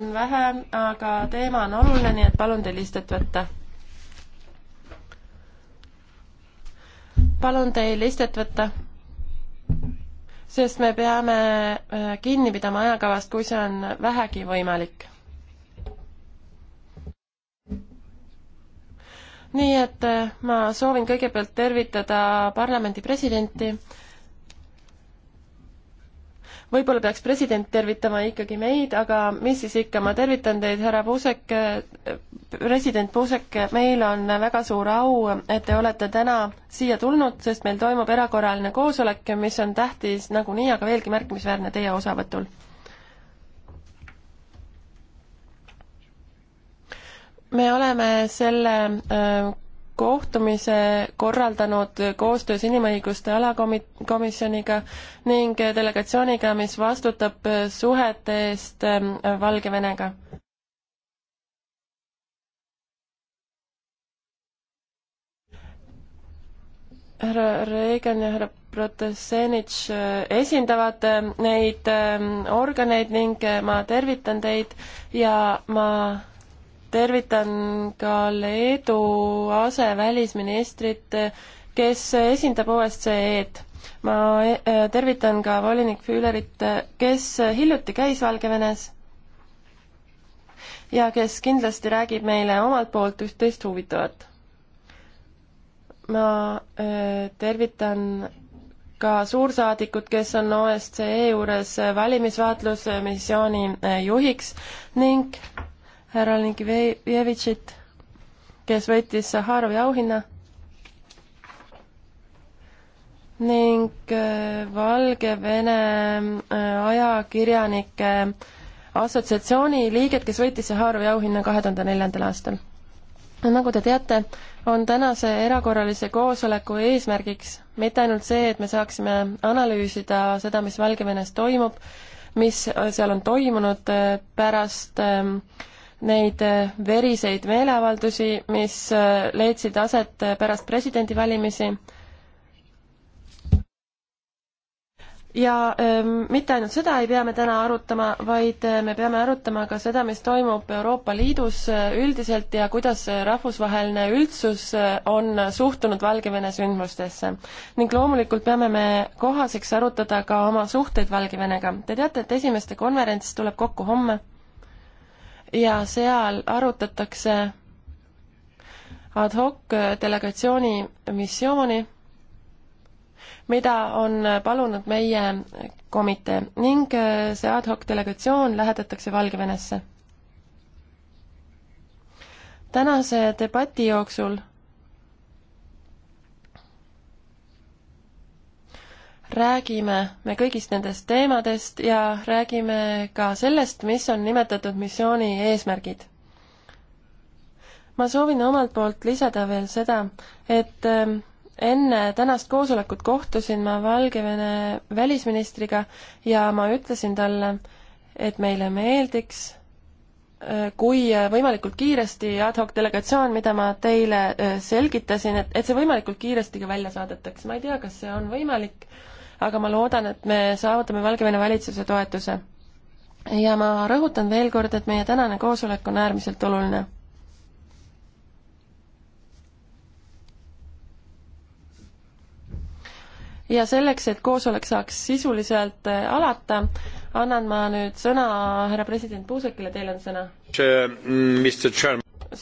on vähe, aga teema on oluline, nii et palun teil istet võtta. palun teil istet võtta, sest me peame äh, kinni pidama ajakavast, kui see on vähegi võimalik. nii et äh, ma soovin kõigepealt tervitada parlamendi presidenti võib-olla peaks president tervitama ikkagi meid, aga mis siis ikka, ma tervitan teid, härra Puusek, president Puusek, meil on väga suur au, et te olete täna siia tulnud, sest meil toimub erakorraline koosolek, mis on tähtis nagunii, aga veelgi märkimisväärne teie osavõtul. me oleme selle äh, kohtumise korraldanud koostöös Inimõiguste alakomisjoniga ning delegatsiooniga, mis vastutab suhete eest ähm, Valgevenega. härra Reagan ja härra Protasenitš äh, esindavad äh, neid ähm, organeid ning äh, ma tervitan teid ja ma tervitan ka Leedu asevälisministrit, kes esindab OSCE-d. ma e, äh, tervitan ka volinik Füülerit, kes hiljuti käis Valgevenes ja kes kindlasti räägib meile omalt poolt üht-teist huvitavat. ma äh, tervitan ka suursaadikud, kes on OSCE juures valimisvaatlusmissiooni äh, juhiks ning härra Linkivjevitšit, kes võitis Saharovi auhinna ning äh, Valgevene äh, ajakirjanike assotsiatsiooni liiget, kes võitis Saharovi auhinna kahe tuhande neljandal aastal. nagu te teate, on tänase erakorralise koosoleku eesmärgiks mitte ainult see, et me saaksime analüüsida seda, mis Valgevenes toimub, mis seal on toimunud äh, pärast äh, neid äh, veriseid meeleavaldusi, mis äh, leidsid aset äh, pärast presidendivalimisi. ja ähm, mitte ainult seda ei pea me täna arutama, vaid me peame arutama ka seda, mis toimub Euroopa Liidus üldiselt ja kuidas rahvusvaheline üldsus on suhtunud Valgevene sündmustesse. ning loomulikult peame me kohaseks arutada ka oma suhteid Valgevenega. Te teate, et esimeste konverents tuleb kokku homme ja seal arutatakse ad hoc delegatsiooni missiooni, mida on palunud meie komitee ning see ad hoc delegatsioon lähetatakse Valgevenesse. tänase debati jooksul räägime me kõigist nendest teemadest ja räägime ka sellest, mis on nimetatud missiooni eesmärgid. ma soovin omalt poolt lisada veel seda, et ähm, enne tänast koosolekut kohtusin ma Valgevene välisministriga ja ma ütlesin talle, et meile meeldiks Äh, kui äh, võimalikult kiiresti ad hoc delegatsioon, mida ma teile äh, selgitasin, et, et see võimalikult kiiresti ka välja saadetakse, ma ei tea, kas see on võimalik, aga ma loodan, et me saavutame Valgevene valitsuse toetuse. ja ma rõhutan veel kord, et meie tänane koosolek on äärmiselt oluline ja selleks, et koosolek saaks sisuliselt alata, annan ma nüüd sõna härra president Puusekile, teil on sõna.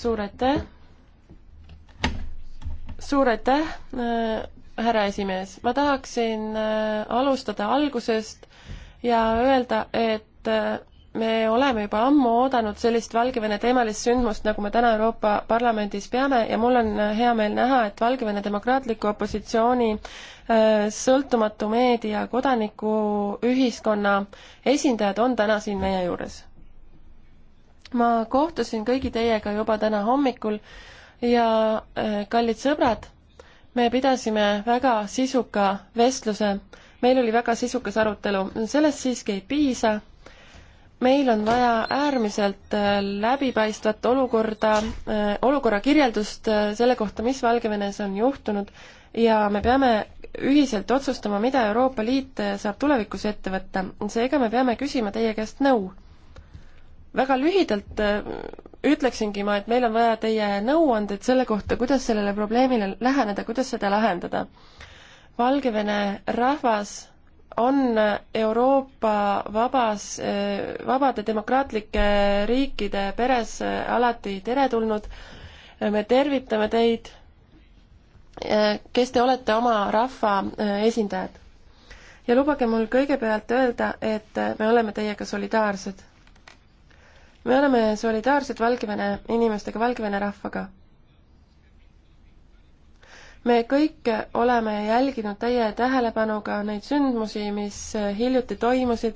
suur aitäh. suur aitäh, äh, härra esimees. ma tahaksin äh, alustada algusest ja öelda, et äh, me oleme juba ammu oodanud sellist Valgevene-teemalist sündmust, nagu me täna Euroopa Parlamendis peame ja mul on äh, hea meel näha, et Valgevene demokraatliku opositsiooni äh, sõltumatu meedia, kodanikuühiskonna esindajad on täna siin meie juures. ma kohtusin kõigi teiega juba täna hommikul ja äh, kallid sõbrad, me pidasime väga sisuka vestluse, meil oli väga sisukas arutelu, sellest siiski ei piisa meil on vaja äärmiselt äh, läbipaistvat olukorda, äh, olukorra kirjeldust äh, selle kohta, mis Valgevenes on juhtunud ja me peame ühiselt otsustama, mida Euroopa Liit saab tulevikus ette võtta. seega me peame küsima teie käest nõu. väga lühidalt ütleksingi ma, et meil on vaja teie nõuandeid selle kohta, kuidas sellele probleemile läheneda, kuidas seda lahendada. Valgevene rahvas on Euroopa vabas, vabade demokraatlike riikide peres alati teretulnud. me tervitame teid, kes te olete oma rahva esindajad. ja lubage mul kõigepealt öelda, et me oleme teiega solidaarsed. me oleme solidaarsed Valgevene inimestega, Valgevene rahvaga me kõik oleme jälginud täie tähelepanuga neid sündmusi, mis hiljuti toimusid.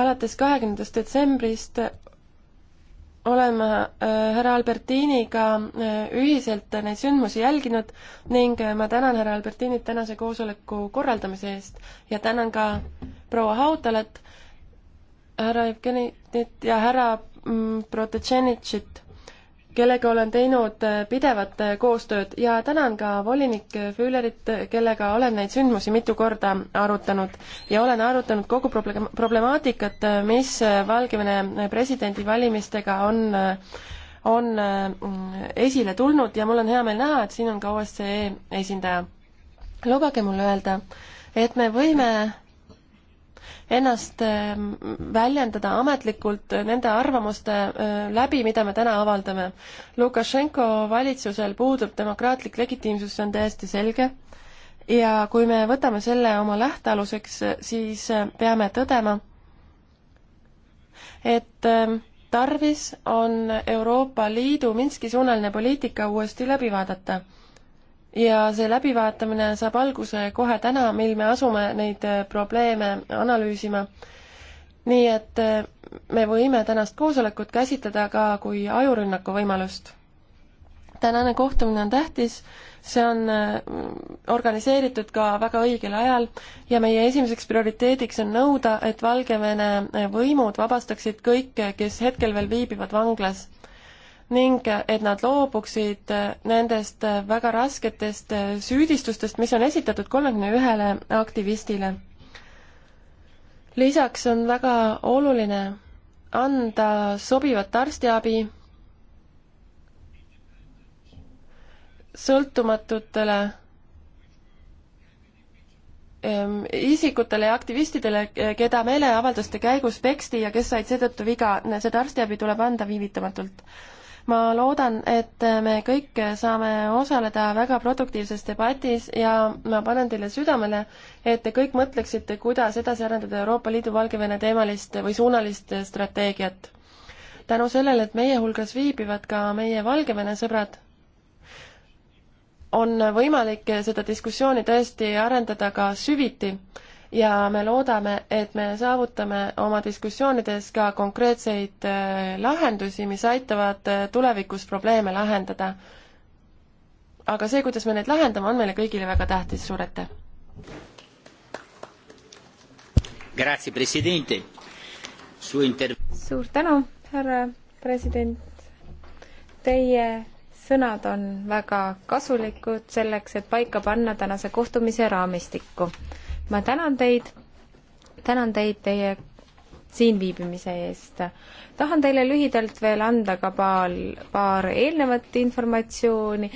alates kahekümnendast detsembrist olen ma äh, härra Albertiniga äh, ühiselt neid sündmusi jälginud ning äh, ma tänan härra Albertinit tänase koosoleku korraldamise eest ja tänan ka proua Hautalat, härra Jevgenit ja härra mm, Protetšenitšit kellega olen teinud äh, pidevat äh, koostööd ja tänan ka volinik Füllerit, kellega olen neid sündmusi mitu korda arutanud. ja olen arutanud kogu problemaatikat, äh, mis Valgevene presidendivalimistega on, on esile tulnud ja mul on hea meel näha, et siin on ka OSCE esindaja. lubage mul öelda, et me võime ennast ähm, väljendada ametlikult nende arvamuste äh, läbi, mida me täna avaldame. Lukašenko valitsusel puudub demokraatlik legitiimsus, see on täiesti selge, ja kui me võtame selle oma lähtealuseks, siis äh, peame tõdema, et ähm, tarvis on Euroopa Liidu Minski suunaline poliitika uuesti läbi vaadata ja see läbivaatamine saab alguse kohe täna, mil me asume neid äh, probleeme analüüsima. nii et äh, me võime tänast koosolekut käsitleda ka kui ajurünnaku võimalust. tänane kohtumine on tähtis, see on äh, organiseeritud ka väga õigel ajal ja meie esimeseks prioriteediks on nõuda, et Valgevene võimud vabastaksid kõik, kes hetkel veel viibivad vanglas ning et nad loobuksid nendest väga rasketest süüdistustest, mis on esitatud kolmekümne ühele aktivistile. lisaks on väga oluline anda sobivat arstiabi sõltumatutele ehm, isikutele ja aktivistidele, keda meeleavalduste käigus peksti ja kes said seetõttu viga, seda arstiabi tuleb anda viivitamatult ma loodan, et me kõik saame osaleda väga produktiivses debatis ja ma panen teile südamele, et te kõik mõtleksite, kuidas edasi arendada Euroopa Liidu Valgevene teemalist või suunalist strateegiat. tänu sellele, et meie hulgas viibivad ka meie Valgevene sõbrad, on võimalik seda diskussiooni tõesti arendada ka süviti ja me loodame, et me saavutame oma diskussioonides ka konkreetseid äh, lahendusi, mis aitavad äh, tulevikus probleeme lahendada. aga see, kuidas me neid lahendame, on meile kõigile väga tähtis, suur aitäh! suur tänu, härra president! Teie sõnad on väga kasulikud selleks, et paika panna tänase kohtumise raamistikku ma tänan teid, tänan teid teie siin viibimise eest. tahan teile lühidalt veel anda ka paar, paar eelnevat informatsiooni.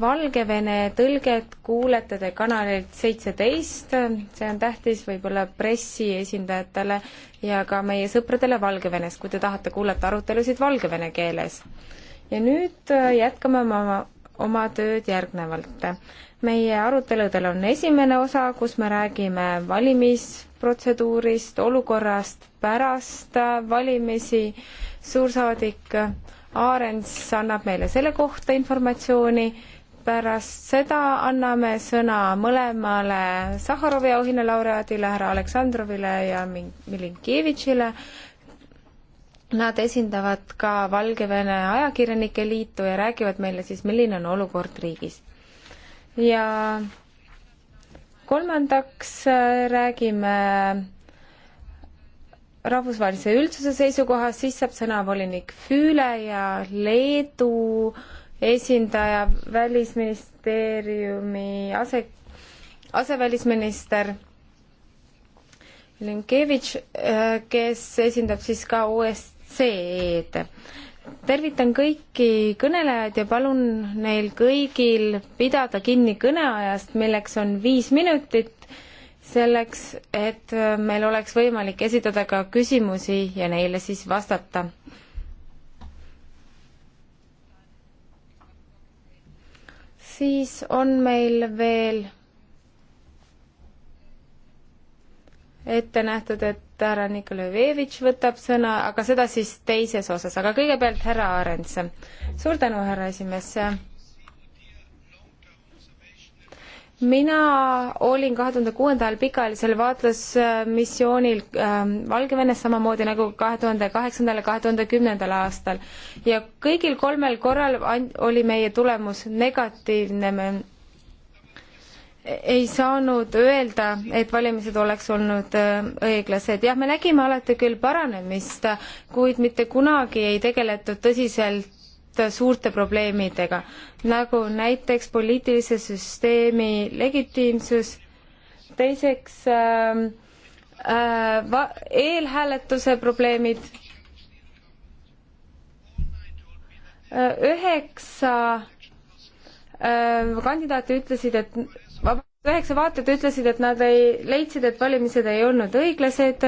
Valgevene tõlget kuulete te kanalilt seitseteist, see on tähtis võib-olla pressi esindajatele ja ka meie sõpradele Valgevenes, kui te tahate kuulata arutelusid valgevene keeles. ja nüüd jätkame oma, oma tööd järgnevalt meie aruteludel on esimene osa, kus me räägime valimisprotseduurist, olukorrast pärast valimisi. suursaadik Aarens annab meile selle kohta informatsiooni. pärast seda anname sõna mõlemale Sahharovi auhinna laureaadile, härra Aleksandrovile ja Milinkevitšile. Nad esindavad ka Valgevene Ajakirjanike Liitu ja räägivad meile siis, milline on olukord riigis ja kolmandaks äh, räägime rahvusvahelise üldsuse seisukohast, siis saab sõna volinik Füüle ja Leedu esindaja, välisministeeriumi ase, asevälisminister Linkevitš, äh, kes esindab siis ka OSCE-d tervitan kõiki kõnelejaid ja palun neil kõigil pidada kinni kõneajast, milleks on viis minutit, selleks, et äh, meil oleks võimalik esitada ka küsimusi ja neile siis vastata. siis on meil veel ette nähtud, et härra Nikolajevitš võtab sõna, aga seda siis teises osas, aga kõigepealt härra Arends. suur tänu, härra esimees. mina olin kahe tuhande kuuendal pikaajalisel vaatlusmissioonil ähm, Valgevenes samamoodi nagu kahe tuhande kaheksandal ja kahe tuhande kümnendal aastal ja kõigil kolmel korral oli meie tulemus negatiivne ei saanud öelda, et valimised oleks olnud äh, õiglased. jah, me nägime alati küll paranemist, kuid mitte kunagi ei tegeletud tõsiselt suurte probleemidega, nagu näiteks poliitilise süsteemi legitiimsus, teiseks äh, äh, va-, eelhääletuse probleemid äh,, üheksa äh, kandidaati ütlesid, et vabandust, üheksa vaatajat ütlesid, et nad ei, leidsid, et valimised ei olnud õiglased.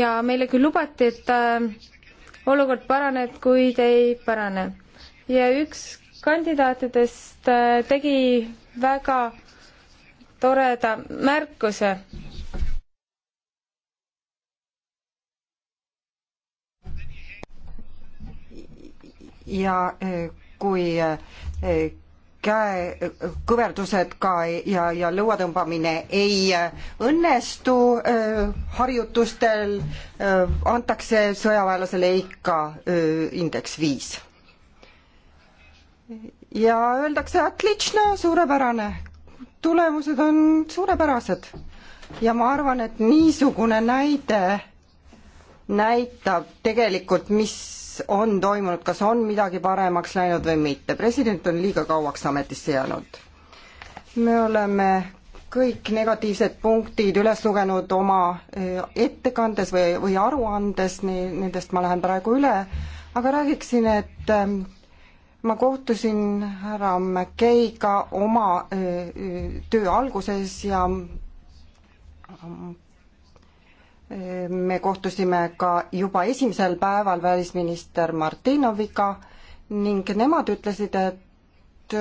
ja meile küll lubati, et äh, olukord paraneb, kuid ei parane. ja üks kandidaatidest äh, tegi väga toreda märkuse. ja äh, kui äh, käekõverdused ka ja, ja lõuatõmbamine ei õnnestu äh, harjutustel, äh, antakse sõjaväelasele ikka äh, indeks viis. ja öeldakse, et Lična suurepärane, tulemused on suurepärased. ja ma arvan, et niisugune näide näitab tegelikult, mis mis on toimunud, kas on midagi paremaks läinud või mitte. president on liiga kauaks ametisse jäänud. me oleme kõik negatiivsed punktid üles lugenud oma eh, ettekandes või, või aruandes, nii, nendest ma lähen praegu üle, aga räägiksin, et ehm, ma kohtusin härra McKay'ga oma öö, eh, eh, töö alguses ja me kohtusime ka juba esimesel päeval välisminister Martinoviga ning nemad ütlesid, et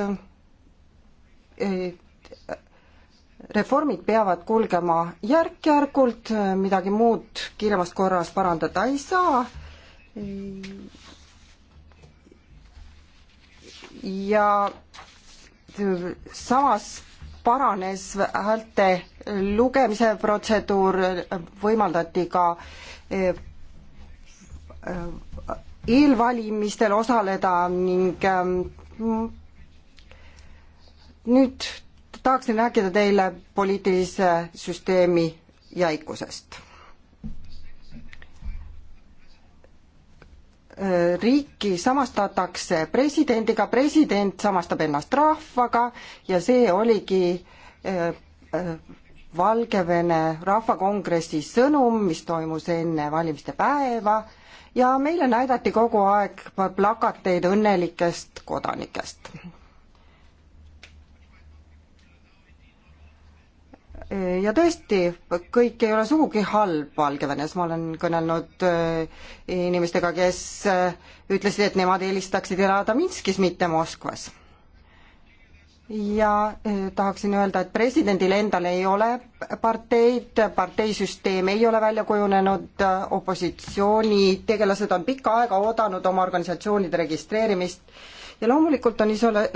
reformid peavad kulgema järk-järgult, midagi muud kiiremas korras parandada ei saa. ja samas paranes häälte lugemise protseduur, võimaldati ka eh, eelvalimistel osaleda ning eh, nüüd tahaksin rääkida teile poliitilise süsteemi jäikusest riiki samastatakse presidendiga, president samastab ennast rahvaga ja see oligi äh, äh, Valgevene rahvakongressi sõnum, mis toimus enne valimiste päeva ja meile näidati kogu aeg plakateid õnnelikest kodanikest. ja tõesti, kõik ei ole sugugi halb Valgevenes, ma olen kõnelnud äh, inimestega, kes äh, ütlesid, et nemad eelistaksid elada Minskis, mitte Moskvas. ja äh, tahaksin öelda, et presidendil endal ei ole parteid, parteisüsteem ei ole välja kujunenud, opositsioonitegelased on pikka aega oodanud oma organisatsioonide registreerimist ja loomulikult on isola-,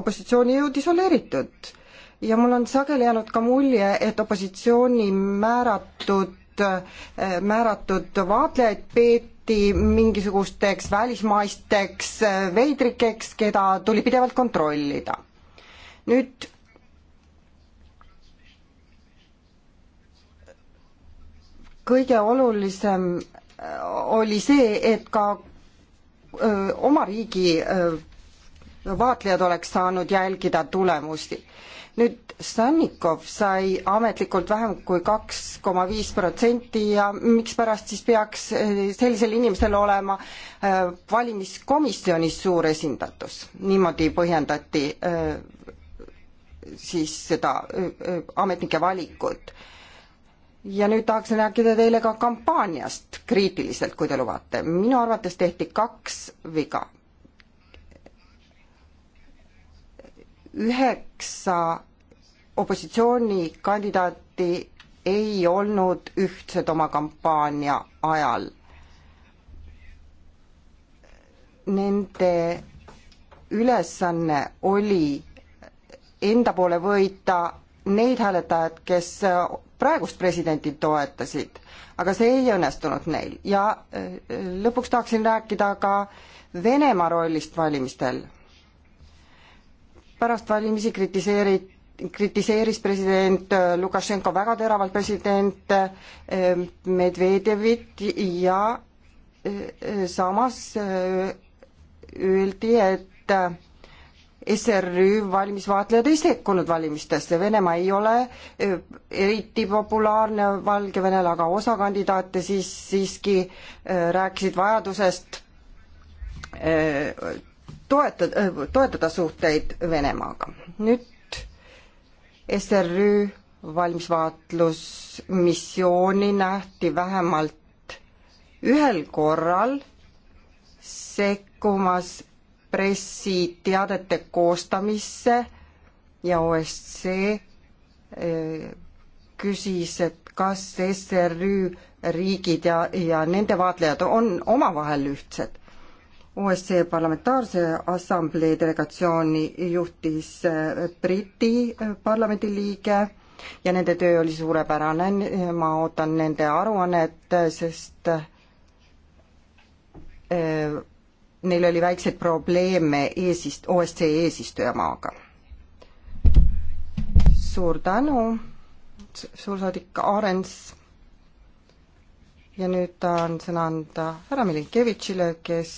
opositsioonijõud isoleeritud ja mul on sageli jäänud ka mulje, et opositsiooni määratud, eh, määratud vaatlejaid peeti mingisugusteks välismaisteks eh, veidrikeks, keda tuli pidevalt kontrollida. nüüd kõige olulisem eh, oli see, et ka öö, oma riigi öö, vaatlejad oleks saanud jälgida tulemusi nüüd Sannikov sai ametlikult vähem kui kaks koma viis protsenti ja mikspärast siis peaks eh, sellisel inimesel olema eh, valimiskomisjonis suur esindatus, niimoodi põhjendati eh, siis seda ametnike valikut. ja nüüd tahaksin rääkida teile ka kampaaniast kriitiliselt, kui te lubate. minu arvates tehti kaks viga. üheksa opositsioonikandidaati ei olnud ühtsed oma kampaania ajal. Nende ülesanne oli enda poole võita neid hääletajad, kes praegust presidenti toetasid, aga see ei õnnestunud neil ja äh, lõpuks tahaksin rääkida ka Venemaa rollist valimistel pärast valimisi kritiseeri-, kritiseeris president äh, Lukašenko väga teravalt president äh, Medvedjevit ja äh, samas öeldi, et SRÜ valimisvaatlejad ei sekkunud valimistesse, Venemaa ei ole eriti populaarne Valgevenel, aga osa kandidaate siis siiski rääkisid vajadusest toetada, toetada suhteid Venemaaga. nüüd SRÜ valmisvaatlusmissiooni nähti vähemalt ühel korral sekkumas pressiteadete koostamisse ja OSCE eh, küsis, et kas SRÜ riigid ja, ja nende vaatlejad on omavahel ühtsed OSCE Parlamentaarse Assamblee delegatsiooni juhtis eh, Briti eh, parlamendi liige ja nende töö oli suurepärane, ma ootan nende aruannet, eh, sest neil oli väikseid probleeme eesist-, OSCE eesistujamaaga. suur tänu, suursaadik Arens ja nüüd tahan sõna anda härra Milinkevitšile, kes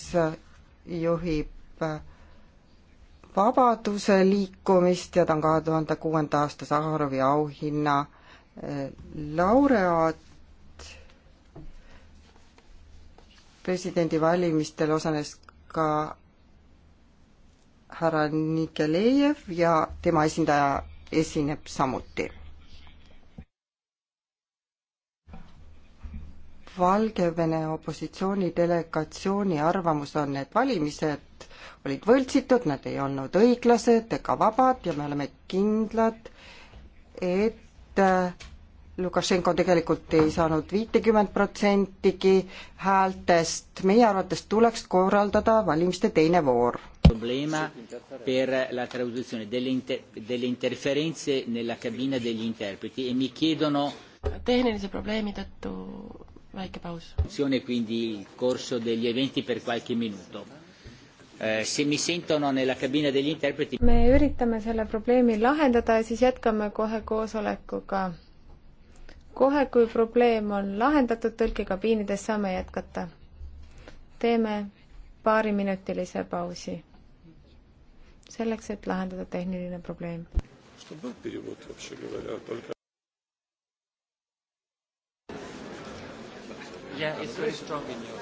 juhib vabaduse liikumist ja ta on kahe tuhande kuuenda aasta Saharovi auhinna eh, laureaat. presidendivalimistel osales ka härra Nikelejev ja tema esindaja esineb samuti Valgevene opositsiooni delegatsiooni arvamus on, et valimised olid võltsitud, nad ei olnud õiglased ega vabad ja me oleme kindlad, et äh, Lukašenko tegelikult ei saanud viitekümmet protsentigi häältest, meie arvates tuleks korraldada valimiste teine voor. probleema per la traduzione delle inter-, delle interferenze nella cabina degli interpreti e mi chiedono tehnilise probleemi tõttu väike paus. Quindi il corso degli eventi per qualche minuto. Eh, se mi sentono nella cabina degli interpreti. me üritame selle probleemi lahendada ja siis jätkame kohe koosolekuga. kohe, kui probleem on lahendatud, tõlkekabiinides saame jätkata. teeme paariminutilise pausi selleks, et lahendada tehniline probleem. что был перевод, вообще говоря, только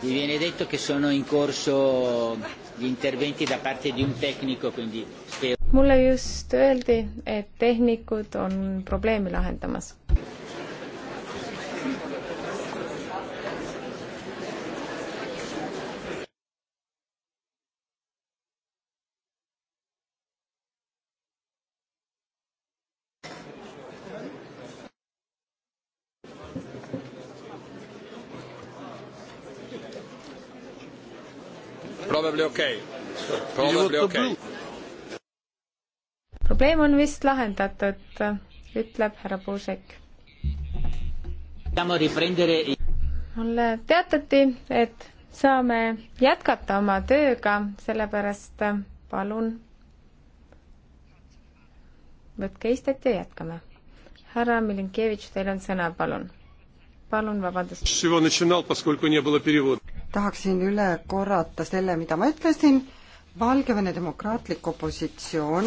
Mi viene detto che sono in corso gli interventi da parte di un tecnico, quindi spero. mulle just öeldi, et tehnikud on probleemi lahendamas. Probably okay. Probably okay. probleem on vist lahendatud, ütleb härra Puusek. mulle teatati, et saame jätkata oma tööga, sellepärast palun võtke istet ja jätkame. härra Milinkevitš, teil on sõna, palun. palun vabandust tahaksin üle korrata selle, mida ma ütlesin. Valgevene demokraatlik opositsioon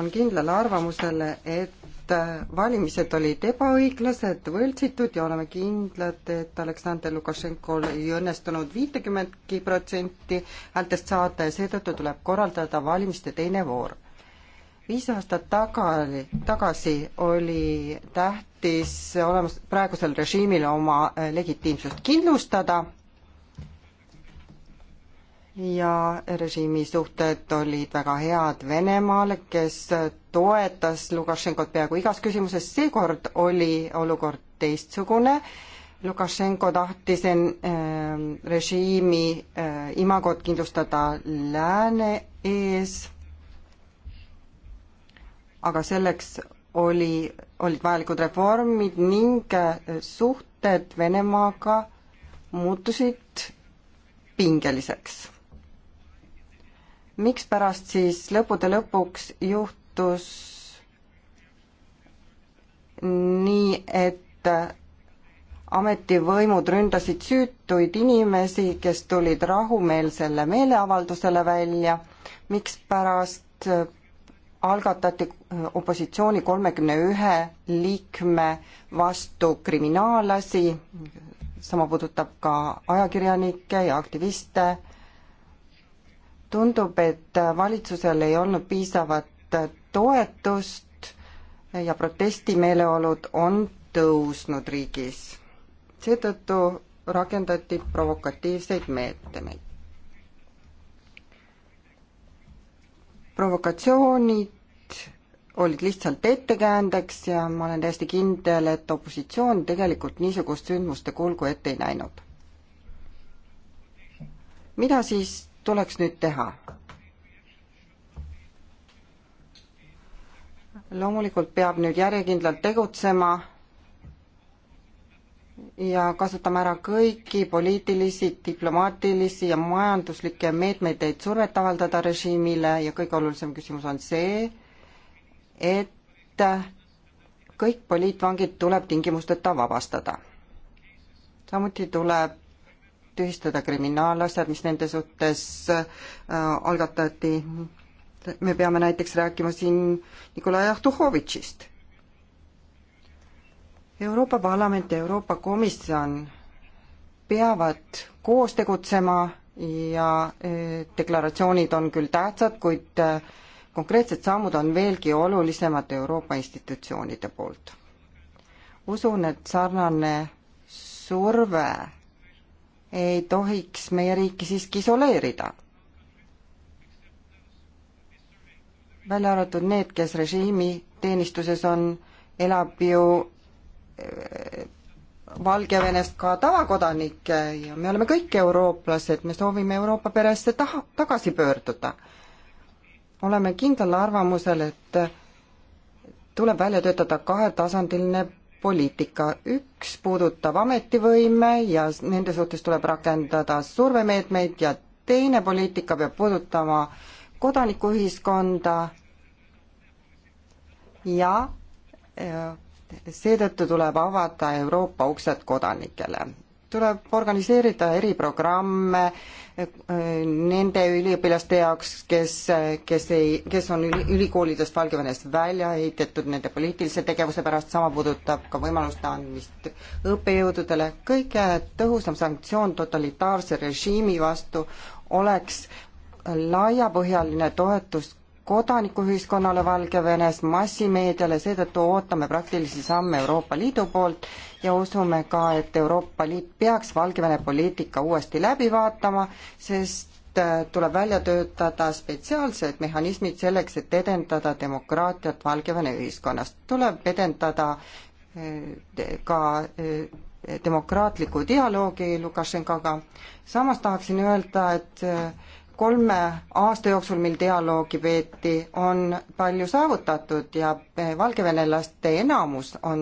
on kindlal arvamusel, et valimised olid ebaõiglased, võltsitud ja oleme kindlad, et Aleksander Lukašenkol ei õnnestunud viitekümmetki protsenti häältest saada ja seetõttu tuleb korraldada valimiste teine voor viis aastat tagasi, tagasi oli tähtis olemas praegusel režiimil oma äh, legitiimsust kindlustada ja režiimi suhted olid väga head Venemaale, kes toetas Lukašenkot peaaegu igas küsimuses, seekord oli olukord teistsugune, Lukašenko tahtis en- äh,, režiimi äh, imagot kindlustada lääne ees aga selleks oli, olid vajalikud reformid ning eh, suhted Venemaaga muutusid pingeliseks. mikspärast siis lõppude lõpuks juhtus nii, et eh, ametivõimud ründasid süütuid inimesi, kes tulid rahumeelsele meeleavaldusele välja, mikspärast eh, algatati äh, opositsiooni kolmekümne ühe liikme vastu kriminaalasi, sama puudutab ka ajakirjanikke ja aktiviste. tundub, et valitsusel ei olnud piisavat toetust ja protestimeeleolud on tõusnud riigis. seetõttu rakendati provokatiivseid meetmeid. provokatsioonid olid lihtsalt ettekäändeks ja ma olen täiesti kindel, et opositsioon tegelikult niisugust sündmuste kulgu ette ei näinud. mida siis tuleks nüüd teha? loomulikult peab nüüd järjekindlalt tegutsema ja kasutame ära kõiki poliitilisi, diplomaatilisi ja majanduslikke meetmeid, et survet avaldada režiimile ja kõige olulisem küsimus on see, et kõik poliitvangid tuleb tingimusteta vabastada. samuti tuleb tühistada kriminaalasjad, mis nende suhtes äh, algatati. me peame näiteks rääkima siin Nikolai Ahtuhovitšist Euroopa Parlament ja Euroopa Komisjon peavad koos tegutsema ja eh, deklaratsioonid on küll tähtsad, kuid eh, konkreetsed sammud on veelgi olulisemad Euroopa institutsioonide poolt. usun, et sarnane surve ei tohiks meie riiki siiski isoleerida. välja arvatud need, kes režiimi teenistuses on, elab ju Valgevenest ka tavakodanikke ja me oleme kõik eurooplased, me soovime Euroopa peresse taha, tagasi pöörduda. oleme kindlal arvamusel, et tuleb välja töötada kahetasandiline poliitika, üks puudutab ametivõime ja nende suhtes tuleb rakendada survemeetmeid ja teine poliitika peab puudutama kodanikuühiskonda ja äh, seetõttu tuleb avada Euroopa uksed kodanikele. tuleb organiseerida eriprogramme eh, nende üliõpilaste jaoks, kes, kes ei, kes on üli, ülikoolidest Valgevenest välja heidetud nende poliitilise tegevuse pärast, sama puudutab ka võimaluste andmist õppejõududele. kõige tõhusam sanktsioon totalitaarse režiimi vastu oleks laiapõhjaline toetus kodanikuühiskonnale Valgevenes, massimeediale, seetõttu ootame praktilisi samme Euroopa Liidu poolt ja usume ka, et Euroopa Liit peaks Valgevene poliitika uuesti läbi vaatama, sest äh, tuleb välja töötada spetsiaalsed mehhanismid selleks, et edendada demokraatiat Valgevene ühiskonnas. tuleb edendada äh, ka äh, demokraatliku dialoogi Lukašenkaga. samas tahaksin öelda, et kolme aasta jooksul, mil dialoogi peeti, on palju saavutatud ja eh, valgevenelaste enamus on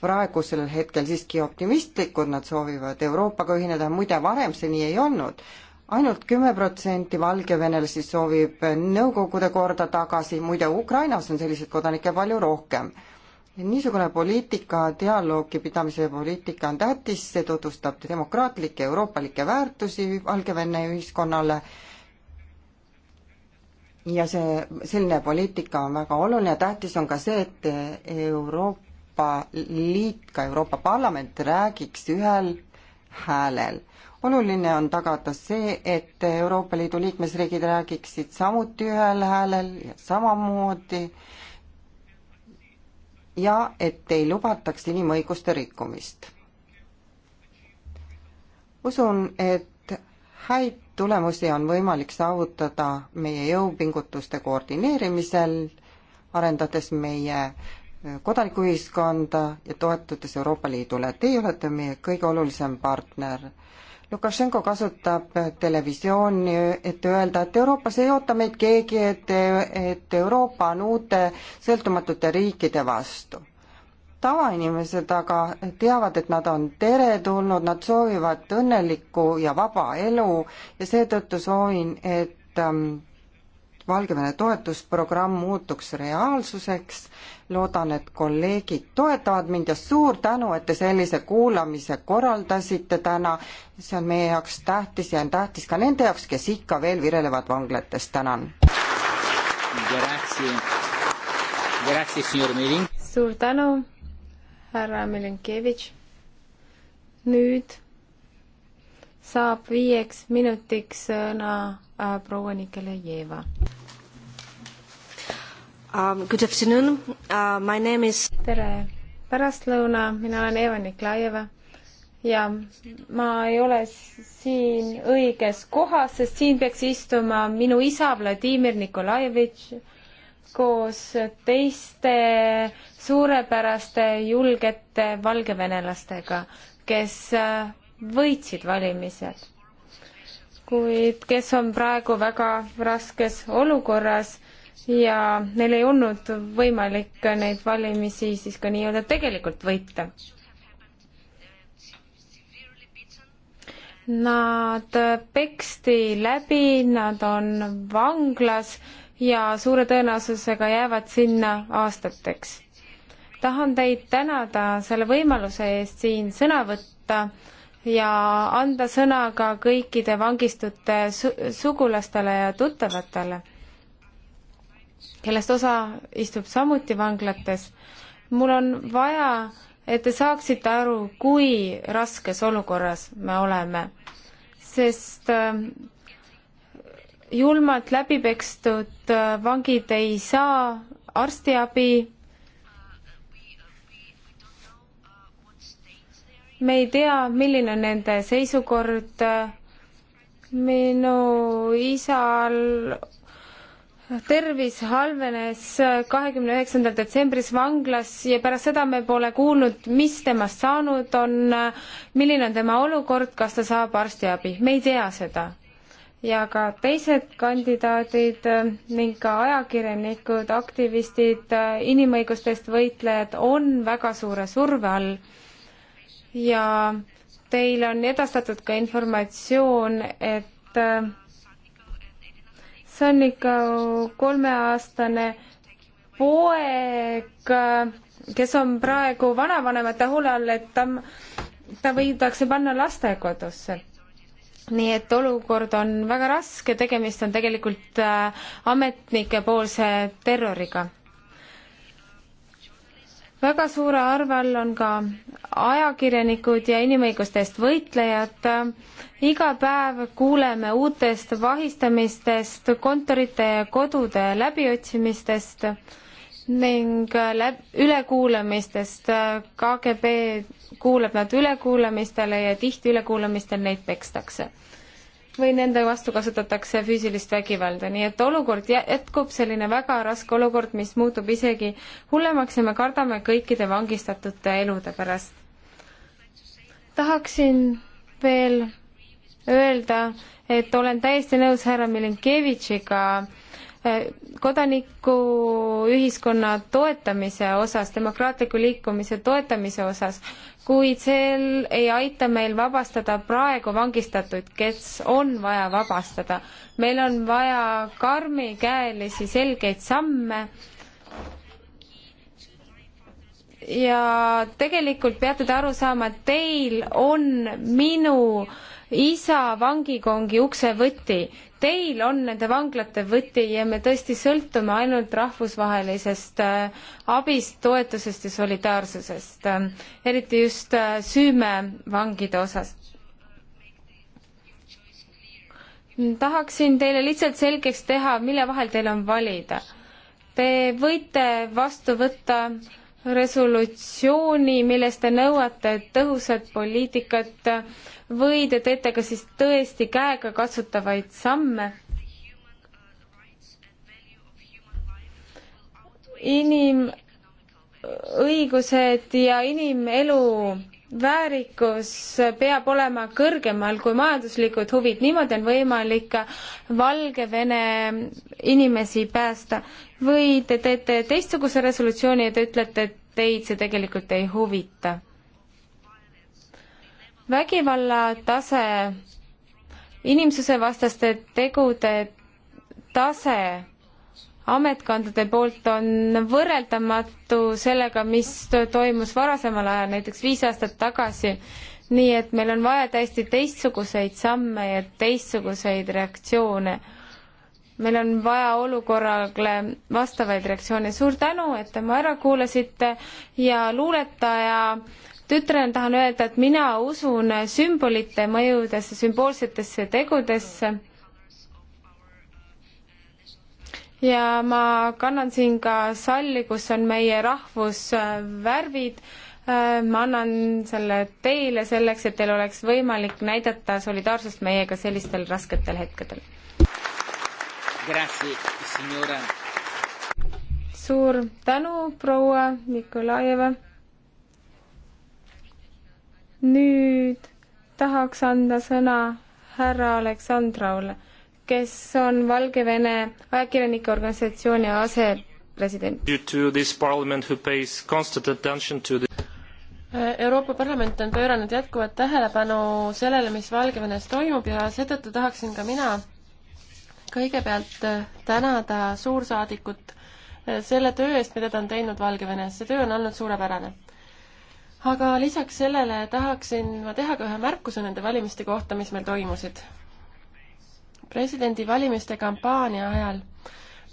praegusel hetkel siiski optimistlikud, nad soovivad Euroopaga ühineda, muide varem see nii ei olnud ainult kümme protsenti valgevenelasi soovib Nõukogude korda tagasi, muide Ukrainas on selliseid kodanikke palju rohkem. niisugune poliitika, dialoogi pidamise poliitika on tähtis, see tutvustab demokraatlikke euroopalikke väärtusi Valgevene ühiskonnale ja see, selline poliitika on väga oluline ja tähtis on ka see, et Euroopa Liit, ka Euroopa Parlament räägiks ühel häälel. oluline on tagada see, et Euroopa Liidu liikmesriigid räägiksid samuti ühel häälel ja samamoodi ja et ei lubataks inimõiguste rikkumist. usun, et häid tulemusi on võimalik saavutada meie jõupingutuste koordineerimisel, arendades meie äh, kodanikuühiskonda ja toetudes Euroopa Liidule. Teie olete meie kõige olulisem partner. Lukašenko kasutab televisiooni, et öelda, et Euroopas ei oota meid keegi, et, et Euroopa on uute sõltumatute riikide vastu tavainimesed aga teavad, et nad on teretulnud, nad soovivad õnnelikku ja vaba elu ja seetõttu soovin, et ähm, Valgevene toetusprogramm muutuks reaalsuseks. loodan, et kolleegid toetavad mind ja suur tänu, et te sellise kuulamise korraldasite täna. see on meie jaoks tähtis ja on tähtis ka nende jaoks, kes ikka veel virelevad vanglates. tänan. suur tänu härra Milenkevitš. nüüd saab viieks minutiks sõna äh, proua Nikolajeva. Um, good afternoon uh,, my name is tere pärastlõuna, mina olen Eva Nikolajeva ja ma ei ole siin õiges kohas, sest siin peaks istuma minu isa Vladimir Nikolajevitš koos teiste suurepäraste julgete valgevenelastega, kes äh, võitsid valimised, kuid kes on praegu väga raskes olukorras ja neil ei olnud võimalik neid valimisi siis ka nii-öelda tegelikult võita. Nad peksti läbi, nad on vanglas ja suure tõenäosusega jäävad sinna aastateks. tahan teid tänada selle võimaluse eest siin sõna võtta ja anda sõna ka kõikide vangistute su sugulastele ja tuttavatele, kellest osa istub samuti vanglates. mul on vaja, et te saaksite aru, kui raskes olukorras me oleme, sest äh, julmalt läbi pekstud äh, vangid ei saa arstiabi. me ei tea, milline on nende seisukord. minu isal tervis halvenes kahekümne üheksandal detsembris vanglas ja pärast seda me pole kuulnud, mis temast saanud on, milline on tema olukord, kas ta saab arstiabi, me ei tea seda ja ka teised kandidaadid ning ka ajakirjanikud, aktivistid, inimõigustest võitlejad on väga suure surve all. ja teile on edastatud ka informatsioon, et äh, Sannika kolmeaastane poeg, äh, kes on praegu vanavanemate hoole all, et ta, ta võidakse panna lastekodusse nii et olukord on väga raske, tegemist on tegelikult äh, ametnike poolse terroriga. väga suure arve all on ka ajakirjanikud ja inimõiguste eest võitlejad. iga päev kuuleme uutest vahistamistest, kontorite ja kodude läbiotsimistest ning äh, läb-, ülekuulamistest, äh, KGB kuulab nad ülekuulamistele ja tihti ülekuulamistel neid pekstakse. või nende vastu kasutatakse füüsilist vägivalda, nii et olukord jätkub selline väga raske olukord, mis muutub isegi hullemaks ja me kardame kõikide vangistatute elude pärast. tahaksin veel öelda, et olen täiesti nõus härra Milinkevitšiga, kodanikuühiskonna toetamise osas, demokraatliku liikumise toetamise osas, kuid sel ei aita meil vabastada praegu vangistatuid, kes on vaja vabastada. meil on vaja karmikäelisi selgeid samme. ja tegelikult peate te aru saama, et teil on minu äh, isa vangikongi ukse võti. Teil on nende vanglate võti ja me tõesti sõltume ainult rahvusvahelisest äh, abist, toetusest ja solidaarsusest, äh, eriti just äh, süümevangide osas. tahaksin teile lihtsalt selgeks teha, mille vahel teil on valida. Te võite vastu võtta äh, resolutsiooni, milles te nõuate tõhusat poliitikat või te teete ka siis tõesti käegakatsutavaid samme? inimõigused ja inimelu väärikus peab olema kõrgemal kui majanduslikud huvid, niimoodi on võimalik Valgevene inimesi päästa. või te teete teistsuguse resolutsiooni ja te ütlete, et teid see tegelikult ei huvita. vägivalla tase, inimsusevastaste tegude tase ametkondade poolt on võrreldamatu sellega, mis toimus varasemal ajal, näiteks viis aastat tagasi. nii et meil on vaja täiesti teistsuguseid samme ja teistsuguseid reaktsioone. meil on vaja olukorrale vastavaid reaktsioone. suur tänu, et te mu ära kuulasite ja luuletaja tütrena tahan öelda, et mina usun sümbolite mõjudesse, sümboolsetesse tegudesse ja ma kannan siin ka salli, kus on meie rahvusvärvid. Äh, ma annan selle teile selleks, et teil oleks võimalik näidata solidaarsust meiega sellistel rasketel hetkedel. suur tänu, proua Nikolajeva. nüüd tahaks anda sõna härra Aleksandrovile kes on Valgevene ajakirjanike organisatsiooni asepresident. Euroopa Parlament on pööranud jätkuvat tähelepanu sellele, mis Valgevenes toimub ja seetõttu tahaksin ka mina kõigepealt tänada suursaadikut eh, selle töö eest, mida ta on teinud Valgevenes, see töö on olnud suurepärane aga lisaks sellele tahaksin ma teha ka ühe märkuse nende valimiste kohta, mis meil toimusid presidendivalimiste kampaania ajal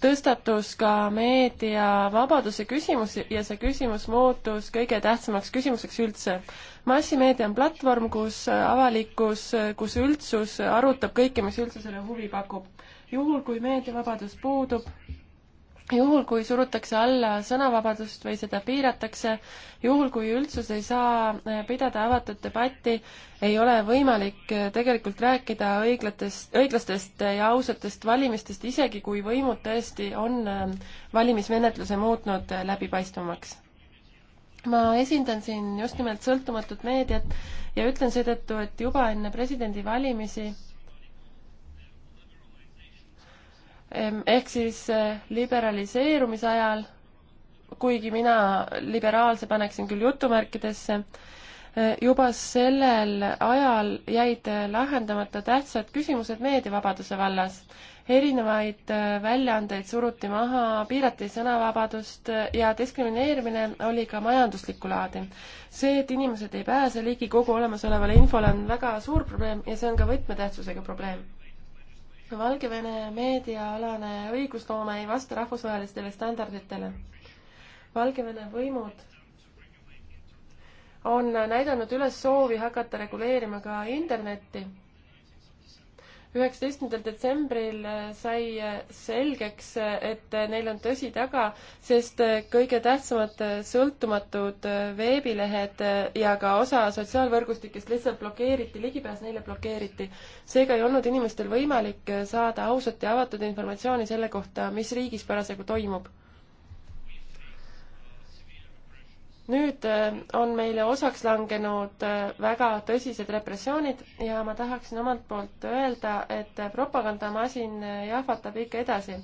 tõstatus ka meediavabaduse küsimus ja see küsimus muutus kõige tähtsamaks küsimuseks üldse. massimeedia on platvorm, kus avalikkus, kus üldsus arutab kõike, mis üldsusele huvi pakub. juhul, kui meediavabadus puudub, juhul, kui surutakse alla sõnavabadust või seda piiratakse, juhul kui üldsus ei saa eh, pidada avatud debatti, ei ole võimalik eh, tegelikult rääkida õiglatest, õiglastest ja ausatest valimistest, isegi kui võimud tõesti on eh, valimismenetluse muutnud läbipaistvamaks. ma esindan siin just nimelt sõltumatut meediat ja ütlen seetõttu, et juba enne presidendivalimisi ehk siis äh, liberaliseerumise ajal, kuigi mina liberaalse paneksin küll jutumärkidesse, äh, juba sellel ajal jäid äh, lahendamata tähtsad küsimused meediavabaduse vallas. erinevaid väljaandeid suruti maha, piirati sõnavabadust ja diskrimineerimine oli ka majanduslikku laadi. see, et inimesed ei pääse ligi kogu olemasolevale infole, on väga suur probleem ja see on ka võtmetähtsusega probleem Valgevene meediaalane õigusloome ei vasta rahvusvahelistele standarditele. Valgevene võimud on näidanud üles soovi hakata reguleerima ka internetti üheksateistkümnendal detsembril sai selgeks, et neil on tõsi taga, sest kõige tähtsamad sõltumatud veebilehed ja ka osa sotsiaalvõrgustikest lihtsalt blokeeriti, ligipääs neile blokeeriti. seega ei olnud inimestel võimalik saada ausat ja avatud informatsiooni selle kohta, mis riigis parasjagu toimub nüüd äh, on meile osaks langenud äh, väga tõsised repressioonid ja ma tahaksin omalt poolt öelda, et äh, propagandamasin jahvatab ikka edasi.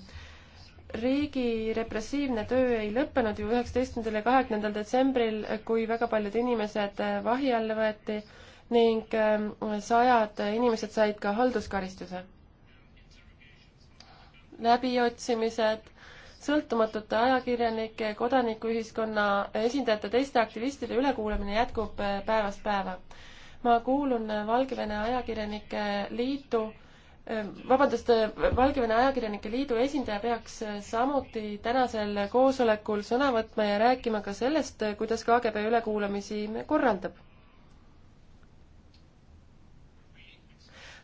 riigi repressiivne töö ei lõppenud ju üheksateistkümnendal ja kahekümnendal detsembril, kui väga paljud inimesed vahi alla võeti ning sajad inimesed said ka halduskaristuse. läbiotsimised sõltumatute ajakirjanike, kodanikuühiskonna esindajate, teiste aktivistide ülekuulamine jätkub eh, päevast päeva. ma kuulun eh, Valgevene Ajakirjanike Liitu, eh, vabandust, Valgevene Ajakirjanike Liidu esindaja peaks samuti tänasel koosolekul sõna võtma ja rääkima ka sellest, kuidas KGB ülekuulamisi korraldab.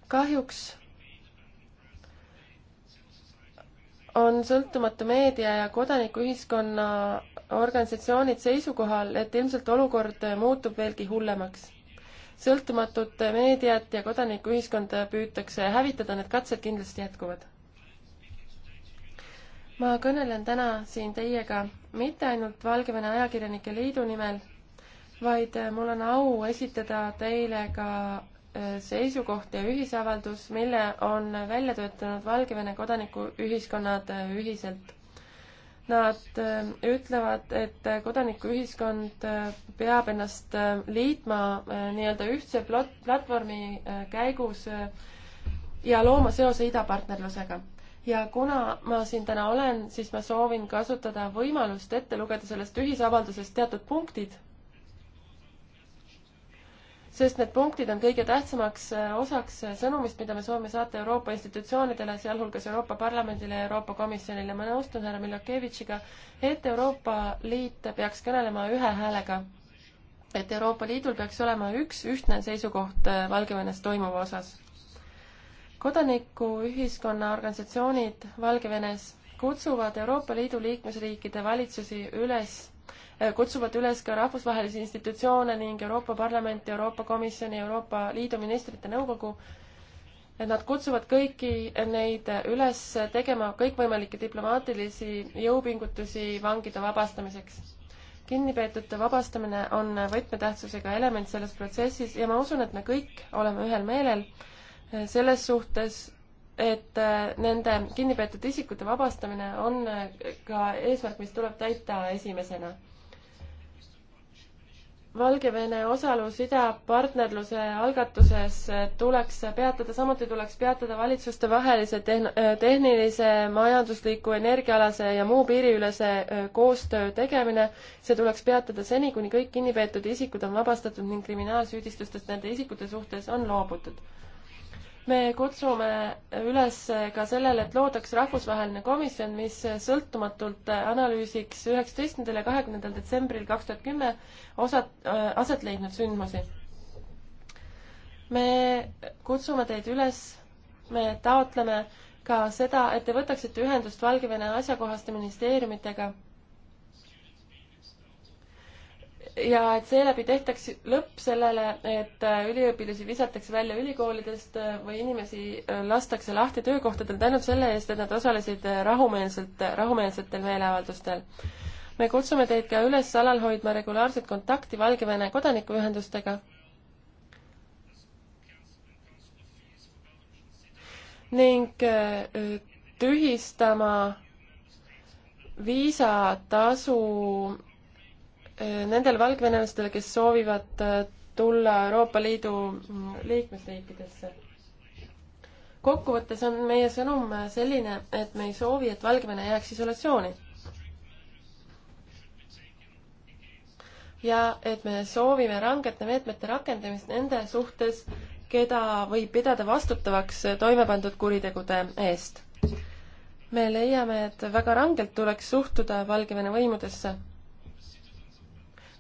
kahjuks on sõltumatu meedia ja kodanikuühiskonna organisatsioonid seisukohal, et ilmselt olukord muutub veelgi hullemaks. sõltumatut meediat ja kodanikuühiskonda püütakse hävitada, need katsed kindlasti jätkuvad. ma kõnelen täna siin teiega mitte ainult Valgevene Ajakirjanike Liidu nimel, vaid mul on au esitada teile ka seisukoht ja ühisavaldus, mille on välja töötanud Valgevene kodanikuühiskonnad äh, ühiselt. Nad äh, ütlevad, et äh, kodanikuühiskond peab ennast liitma nii-öelda ühtse plot-, platvormi käigus ja looma seose idapartnerlusega. ja kuna ma siin täna olen, siis ma soovin kasutada võimalust ette lugeda sellest ühisavaldusest teatud punktid sest need punktid on kõige tähtsamaks äh, osaks äh, sõnumist, mida me soovime saata Euroopa institutsioonidele, sealhulgas Euroopa Parlamendile ja Euroopa Komisjonile. ma nõustun härra Milokevitšiga, et Euroopa Liit peaks kõnelema ühe häälega. et Euroopa Liidul peaks olema üks ühtne seisukoht äh, Valgevenes toimuva osas. kodanikuühiskonna organisatsioonid Valgevenes kutsuvad Euroopa Liidu liikmesriikide valitsusi üles kutsuvad üles ka rahvusvahelisi institutsioone ning Euroopa Parlamenti, Euroopa Komisjoni, Euroopa Liidu ministrite nõukogu, et nad kutsuvad kõiki neid üles tegema kõikvõimalikke diplomaatilisi jõupingutusi vangide vabastamiseks. kinnipeetute vabastamine on võtmetähtsusega element selles protsessis ja ma usun, et me kõik oleme ühel meelel selles suhtes, et äh, nende kinnipeetud isikute vabastamine on äh, ka eesmärk, mis tuleb täita esimesena. Valgevene osalus idapartnerluse algatuses äh, tuleks peatada, samuti tuleks peatada valitsustevahelise tehn-, tehnilise, majandusliku, energiaalase ja muu piiriülese koostöö tegemine. see tuleks peatada seni, kuni kõik kinnipeetud isikud on vabastatud ning kriminaalsüüdistustest nende isikute suhtes on loobutud me kutsume üles ka sellele, et loodaks rahvusvaheline komisjon, mis sõltumatult analüüsiks üheksateistkümnendal ja kahekümnendal detsembril kaks tuhat kümme osad, aset leidnud sündmusi. me kutsume teid üles, me taotleme ka seda, et te võtaksite ühendust Valgevene asjakohaste ministeeriumitega ja et seeläbi tehtaks lõpp sellele, et äh, üliõpilasi visatakse välja ülikoolidest äh, või inimesi äh, lastakse lahti töökohtadel tänu selle eest, et nad osalesid rahumeelselt, rahumeelsetel meeleavaldustel. me kutsume teid ka üles alal hoidma regulaarset kontakti Valgevene kodanikuühendustega ning tühistama viisatasu nendel valgvenelastel, kes soovivad äh, tulla Euroopa Liidu mm, liikmesriikidesse. kokkuvõttes on meie sõnum äh, selline, et me ei soovi, et Valgevene jääks isolatsiooni. ja et me soovime rangete meetmete rakendamist nende suhtes, keda võib pidada vastutavaks toime pandud kuritegude eest. me leiame, et väga rangelt tuleks suhtuda Valgevene võimudesse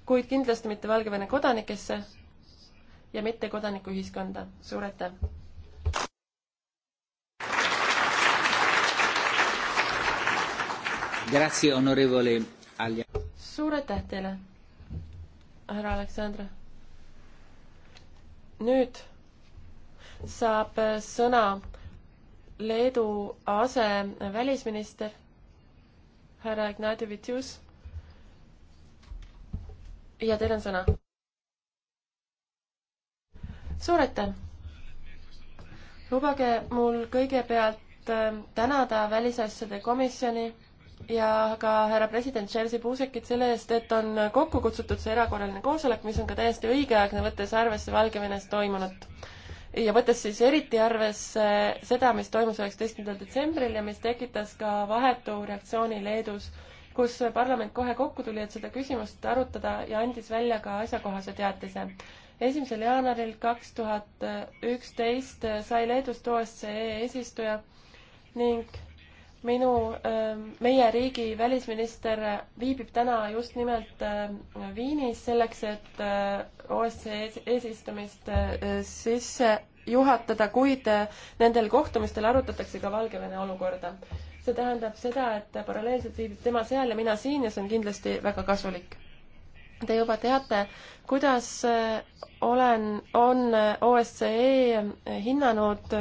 kuid kindlasti mitte Valgevene kodanikesse ja mitte kodanikuühiskonda. suur aitäh! suur aitäh teile, härra Aleksandr. nüüd saab sõna Leedu asevälisminister härra Ignatjevitš ja teil on sõna. suur aitäh! lubage mul kõigepealt äh, tänada Välisasjade Komisjoni ja ka härra president Jerzy Buzekit selle eest, et on kokku kutsutud see erakorraline koosolek, mis on ka täiesti õigeaegne, võttes arvesse Valgevenes toimunut. ja võttes siis eriti arvesse seda, mis toimus üheksateistkümnendal detsembril ja mis tekitas ka vahetu reaktsiooni Leedus kus parlament kohe kokku tuli, et seda küsimust arutada ja andis välja ka asjakohase teatise. esimesel jaanuaril kaks tuhat üksteist sai Leedust OSCE eesistuja ning minu, meie riigi välisminister viibib täna just nimelt äh, Viinis selleks, et äh, OSCE eesistumist äh, sisse juhatada, kuid nendel kohtumistel arutatakse ka Valgevene olukorda see tähendab seda, et paralleelselt viibib tema seal ja mina siin ja see on kindlasti väga kasulik. Te juba teate, kuidas äh, olen, on äh, OSCE äh, hinnanud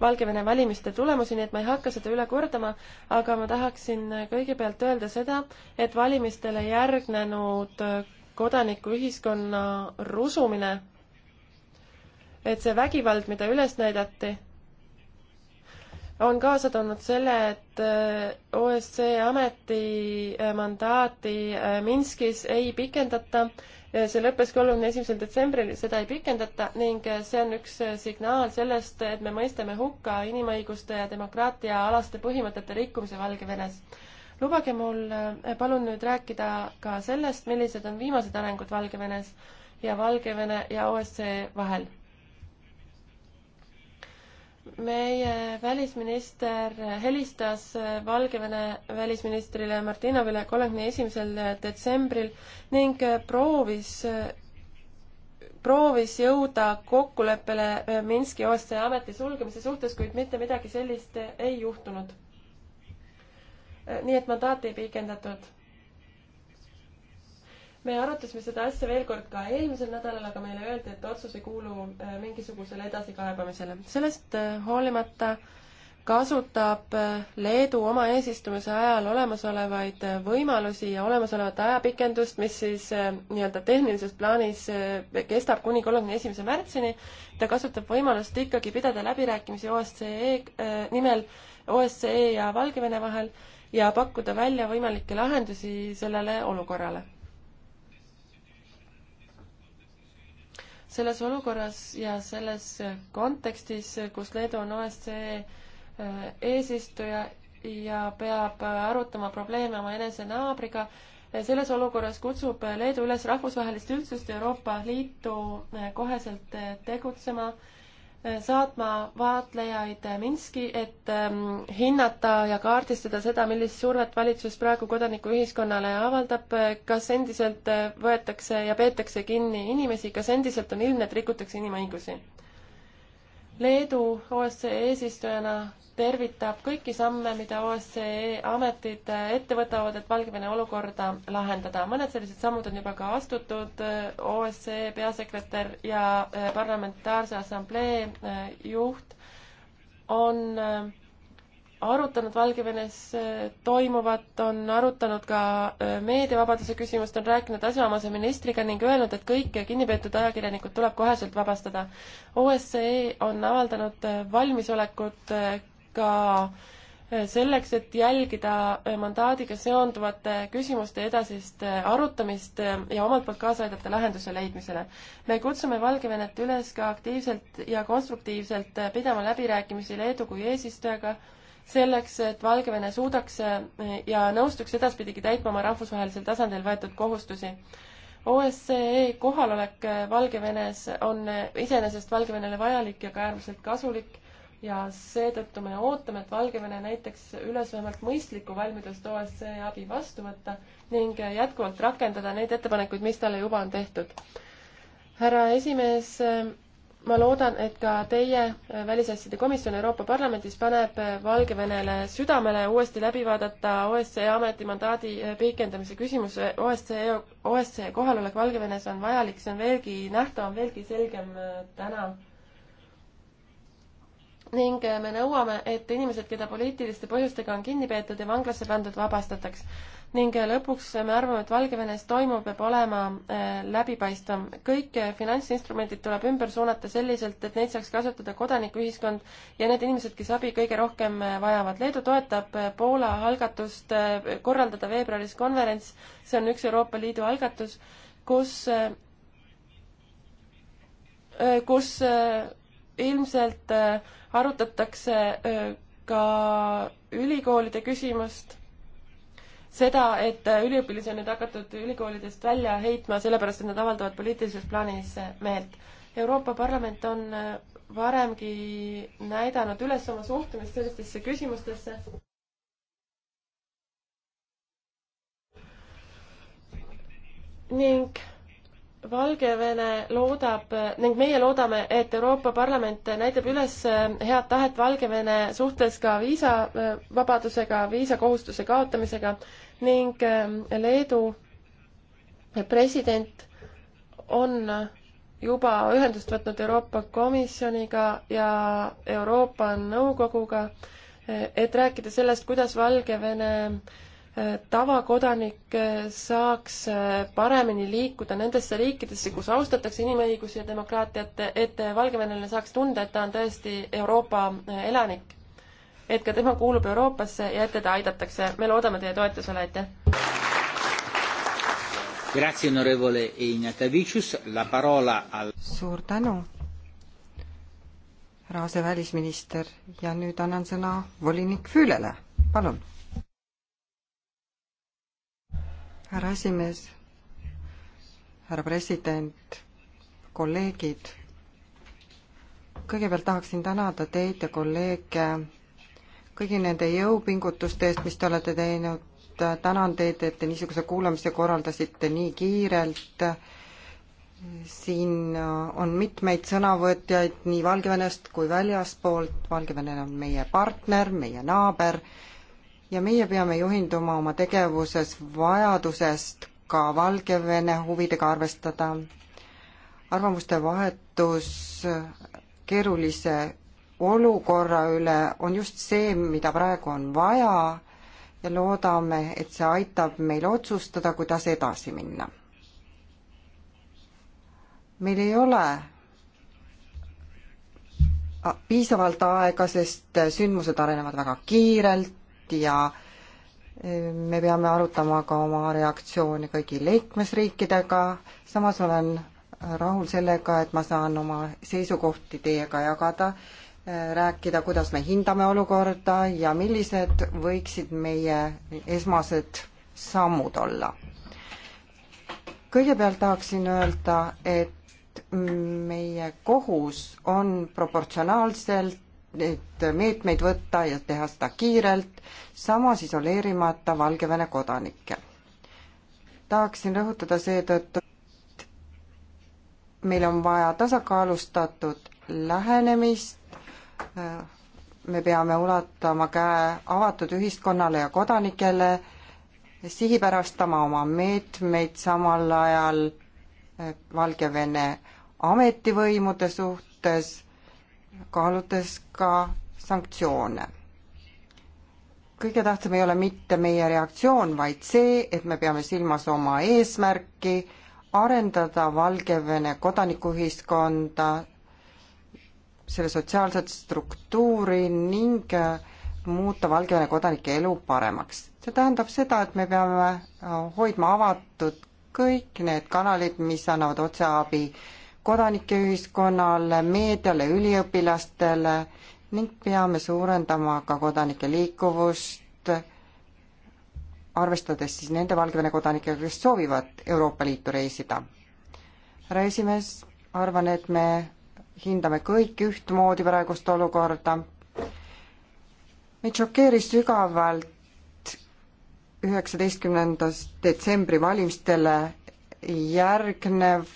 Valgevene valimiste tulemusi, nii et ma ei hakka seda üle kordama, aga ma tahaksin kõigepealt öelda seda, et valimistele järgnenud kodanikuühiskonna rusumine, et see vägivald, mida üles näidati on kaasa toonud selle, et äh, OSCE ametimandaati äh, äh, Minskis ei pikendata. see lõppes kolmekümne esimesel detsembril, seda ei pikendata ning see on üks signaal sellest, et me mõistame hukka inimõiguste ja demokraatia alaste põhimõtete rikkumise Valgevenes. lubage mul palun nüüd rääkida ka sellest, millised on viimased arengud Valgevenes ja Valgevene ja OSCE vahel meie välisminister helistas Valgevene välisministrile Martinovile kolmekümne esimesel detsembril ning proovis, proovis jõuda kokkuleppele Minski OSCE ameti sulgemise suhtes, kuid mitte midagi sellist ei juhtunud. nii et mandaati ei pikendatud me arutasime seda asja veel kord ka eelmisel nädalal, aga meile öeldi, et otsus ei kuulu äh, mingisugusele edasikaebamisele. sellest äh, hoolimata kasutab äh, Leedu oma eesistumise ajal olemasolevaid võimalusi ja olemasolevat ajapikendust, mis siis nii-öelda tehnilises plaanis kestab kuni kolmekümne esimese märtsini. ta kasutab võimalust ikkagi pidada läbirääkimisi OSCE äh, nimel OSCE ja Valgevene vahel ja pakkuda välja võimalikke lahendusi sellele olukorrale selles olukorras ja selles kontekstis, kus Leedu on OSCE äh, eesistuja ja peab arutama probleeme oma enese naabriga, äh, selles olukorras kutsub Leedu üles rahvusvahelist üldsust Euroopa Liitu äh, koheselt tegutsema saatma vaatlejaid Minski, et ähm, hinnata ja kaardistada seda, millist survet valitsus praegu kodanikuühiskonnale avaldab, kas endiselt äh, võetakse ja peetakse kinni inimesi, kas endiselt on ilmne, et rikutakse inimõigusi Leedu OSCE eesistujana tervitab kõiki samme, mida OSCE ametid ette võtavad, et Valgevene olukorda lahendada. mõned sellised sammud on juba ka astutud, OSCE peasekretär ja eh, parlamentaarse assamblee eh, juht on eh, arutanud Valgevenes äh, toimuvat, on arutanud ka äh, meediavabaduse küsimust, on rääkinud asjaomase ministriga ning öelnud, et kõik kinnipeetud ajakirjanikud tuleb koheselt vabastada. OSCE on avaldanud äh, valmisolekut ka selleks, et jälgida mandaadiga seonduvate küsimuste edasist arutamist ja omalt poolt kaasa aidata lahenduse leidmisele. me kutsume Valgevenet üles ka aktiivselt ja konstruktiivselt pidama läbirääkimisi Leedu kui eesistujaga selleks, et Valgevene suudaks eh, ja nõustuks edaspidigi täitma oma rahvusvahelisel tasandil võetud kohustusi. OSCE kohalolek eh, Valgevenes on eh, iseenesest Valgevenele vajalik ja ka äärmiselt kasulik ja seetõttu me ootame, et Valgevene näiteks üles vähemalt mõistlikku valmidust OSCE abi vastu võtta ning jätkuvalt rakendada neid ettepanekuid, mis talle juba on tehtud. härra esimees ma loodan, et ka teie Välisasjade Komisjon Euroopa Parlamendis paneb Valgevenele südamele uuesti läbi vaadata OSCE ametimandaadi pikendamise küsimus. OSCE, OSCE e kohalolek Valgevenes on vajalik, see on veelgi nähtavam, veelgi selgem äh, täna. ning äh, me nõuame, et inimesed, keda poliitiliste põhjustega on kinni peetud ja vanglasse pandud, vabastataks ning lõpuks me arvame, et Valgevenes toimuv peab olema äh, läbipaistvam. kõik äh, finantsinstrumendid tuleb ümber suunata selliselt, et neid saaks kasutada kodanikuühiskond ja need inimesed, kes abi kõige rohkem äh, vajavad. Leedu toetab Poola algatust korraldada veebruaris konverents, see on üks Euroopa Liidu algatus, kus, kus ilmselt arutatakse ka ülikoolide küsimust seda, et üliõpilasi on nüüd hakatud ülikoolidest välja heitma, sellepärast et nad avaldavad poliitilises plaanis meelt. Euroopa Parlament on varemgi näidanud üles oma suhtumist sellistesse küsimustesse. ning Valgevene loodab ning meie loodame, et Euroopa Parlament näitab üles äh, head tahet Valgevene suhtes ka viisavabadusega, äh, viisakohustuse kaotamisega ning äh, Leedu president on juba ühendust võtnud Euroopa Komisjoniga ja Euroopa Nõukoguga, et rääkida sellest, kuidas Valgevene äh, tavakodanik eh, saaks eh, paremini liikuda nendesse riikidesse, kus austatakse inimõigusi ja demokraatiat, et eh, valgevenelane saaks tunda, et ta on tõesti Euroopa elanik. et ka tema kuulub Euroopasse ja et teda aidatakse. me loodame teie toetusele, aitäh! suur tänu, härra asevälisminister ja nüüd annan sõna volinik Füülele, palun härra esimees, härra president, kolleegid. kõigepealt tahaksin tänada teid ja kolleege kõigi nende jõupingutuste eest, mis te olete teinud. tänan teid, et te niisuguse kuulamise korraldasite nii kiirelt. siin on mitmeid sõnavõtjaid nii Valgevenest kui väljaspoolt. Valgevene on meie partner, meie naaber ja meie peame juhinduma oma tegevuses vajadusest ka Valgevene huvidega arvestada. arvamuste vahetus keerulise olukorra üle on just see, mida praegu on vaja ja loodame, et see aitab meil otsustada, kuidas edasi minna. meil ei ole piisavalt aega, sest sündmused arenevad väga kiirelt, teemat ja eh, me peame arutama ka oma reaktsioone kõigi liikmesriikidega, samas olen rahul sellega, et ma saan oma seisukohti teiega jagada, eh, rääkida, kuidas me hindame olukorda ja millised võiksid meie esmased sammud olla. kõigepealt tahaksin öelda, et meie kohus on proportsionaalselt et meetmeid võtta ja teha seda kiirelt, samas isoleerimata Valgevene kodanikke. tahaksin rõhutada seetõttu, et meil on vaja tasakaalustatud lähenemist, me peame ulatama käe avatud ühiskonnale ja kodanikele, sihipärastama oma meetmeid samal ajal Valgevene ametivõimude suhtes kaaludes ka sanktsioone. kõige tähtsam ei ole mitte meie reaktsioon, vaid see, et me peame silmas oma eesmärki arendada Valgevene kodanikuühiskonda, selle sotsiaalset struktuuri ning muuta Valgevene kodanike elu paremaks. see tähendab seda, et me peame hoidma avatud kõik need kanalid, mis annavad otseabi äh, kodanikeühiskonnale, meediale, üliõpilastele ning peame suurendama ka kodanike liikuvust, arvestades siis nende Valgevene kodanikega, kes soovivad Euroopa Liitu reisida. härra esimees, arvan, et me hindame kõik ühtmoodi praegust olukorda. meid šokeeris sügavalt üheksateistkümnendast detsembri valimistele järgnev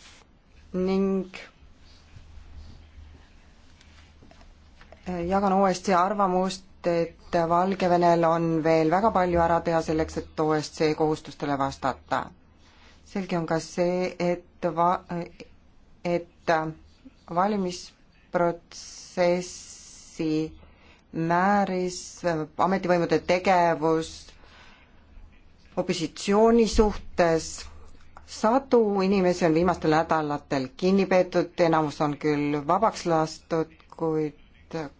ning äh, jagan OSCE arvamust, et Valgevenel on veel väga palju ära teha selleks, et OSCE kohustustele vastata. selge on ka see, et va-, äh, et äh, valimisprotsessi määris ametivõimude tegevus opositsiooni suhtes sadu inimesi on viimastel nädalatel kinni peetud, enamus on küll vabaks lastud, kuid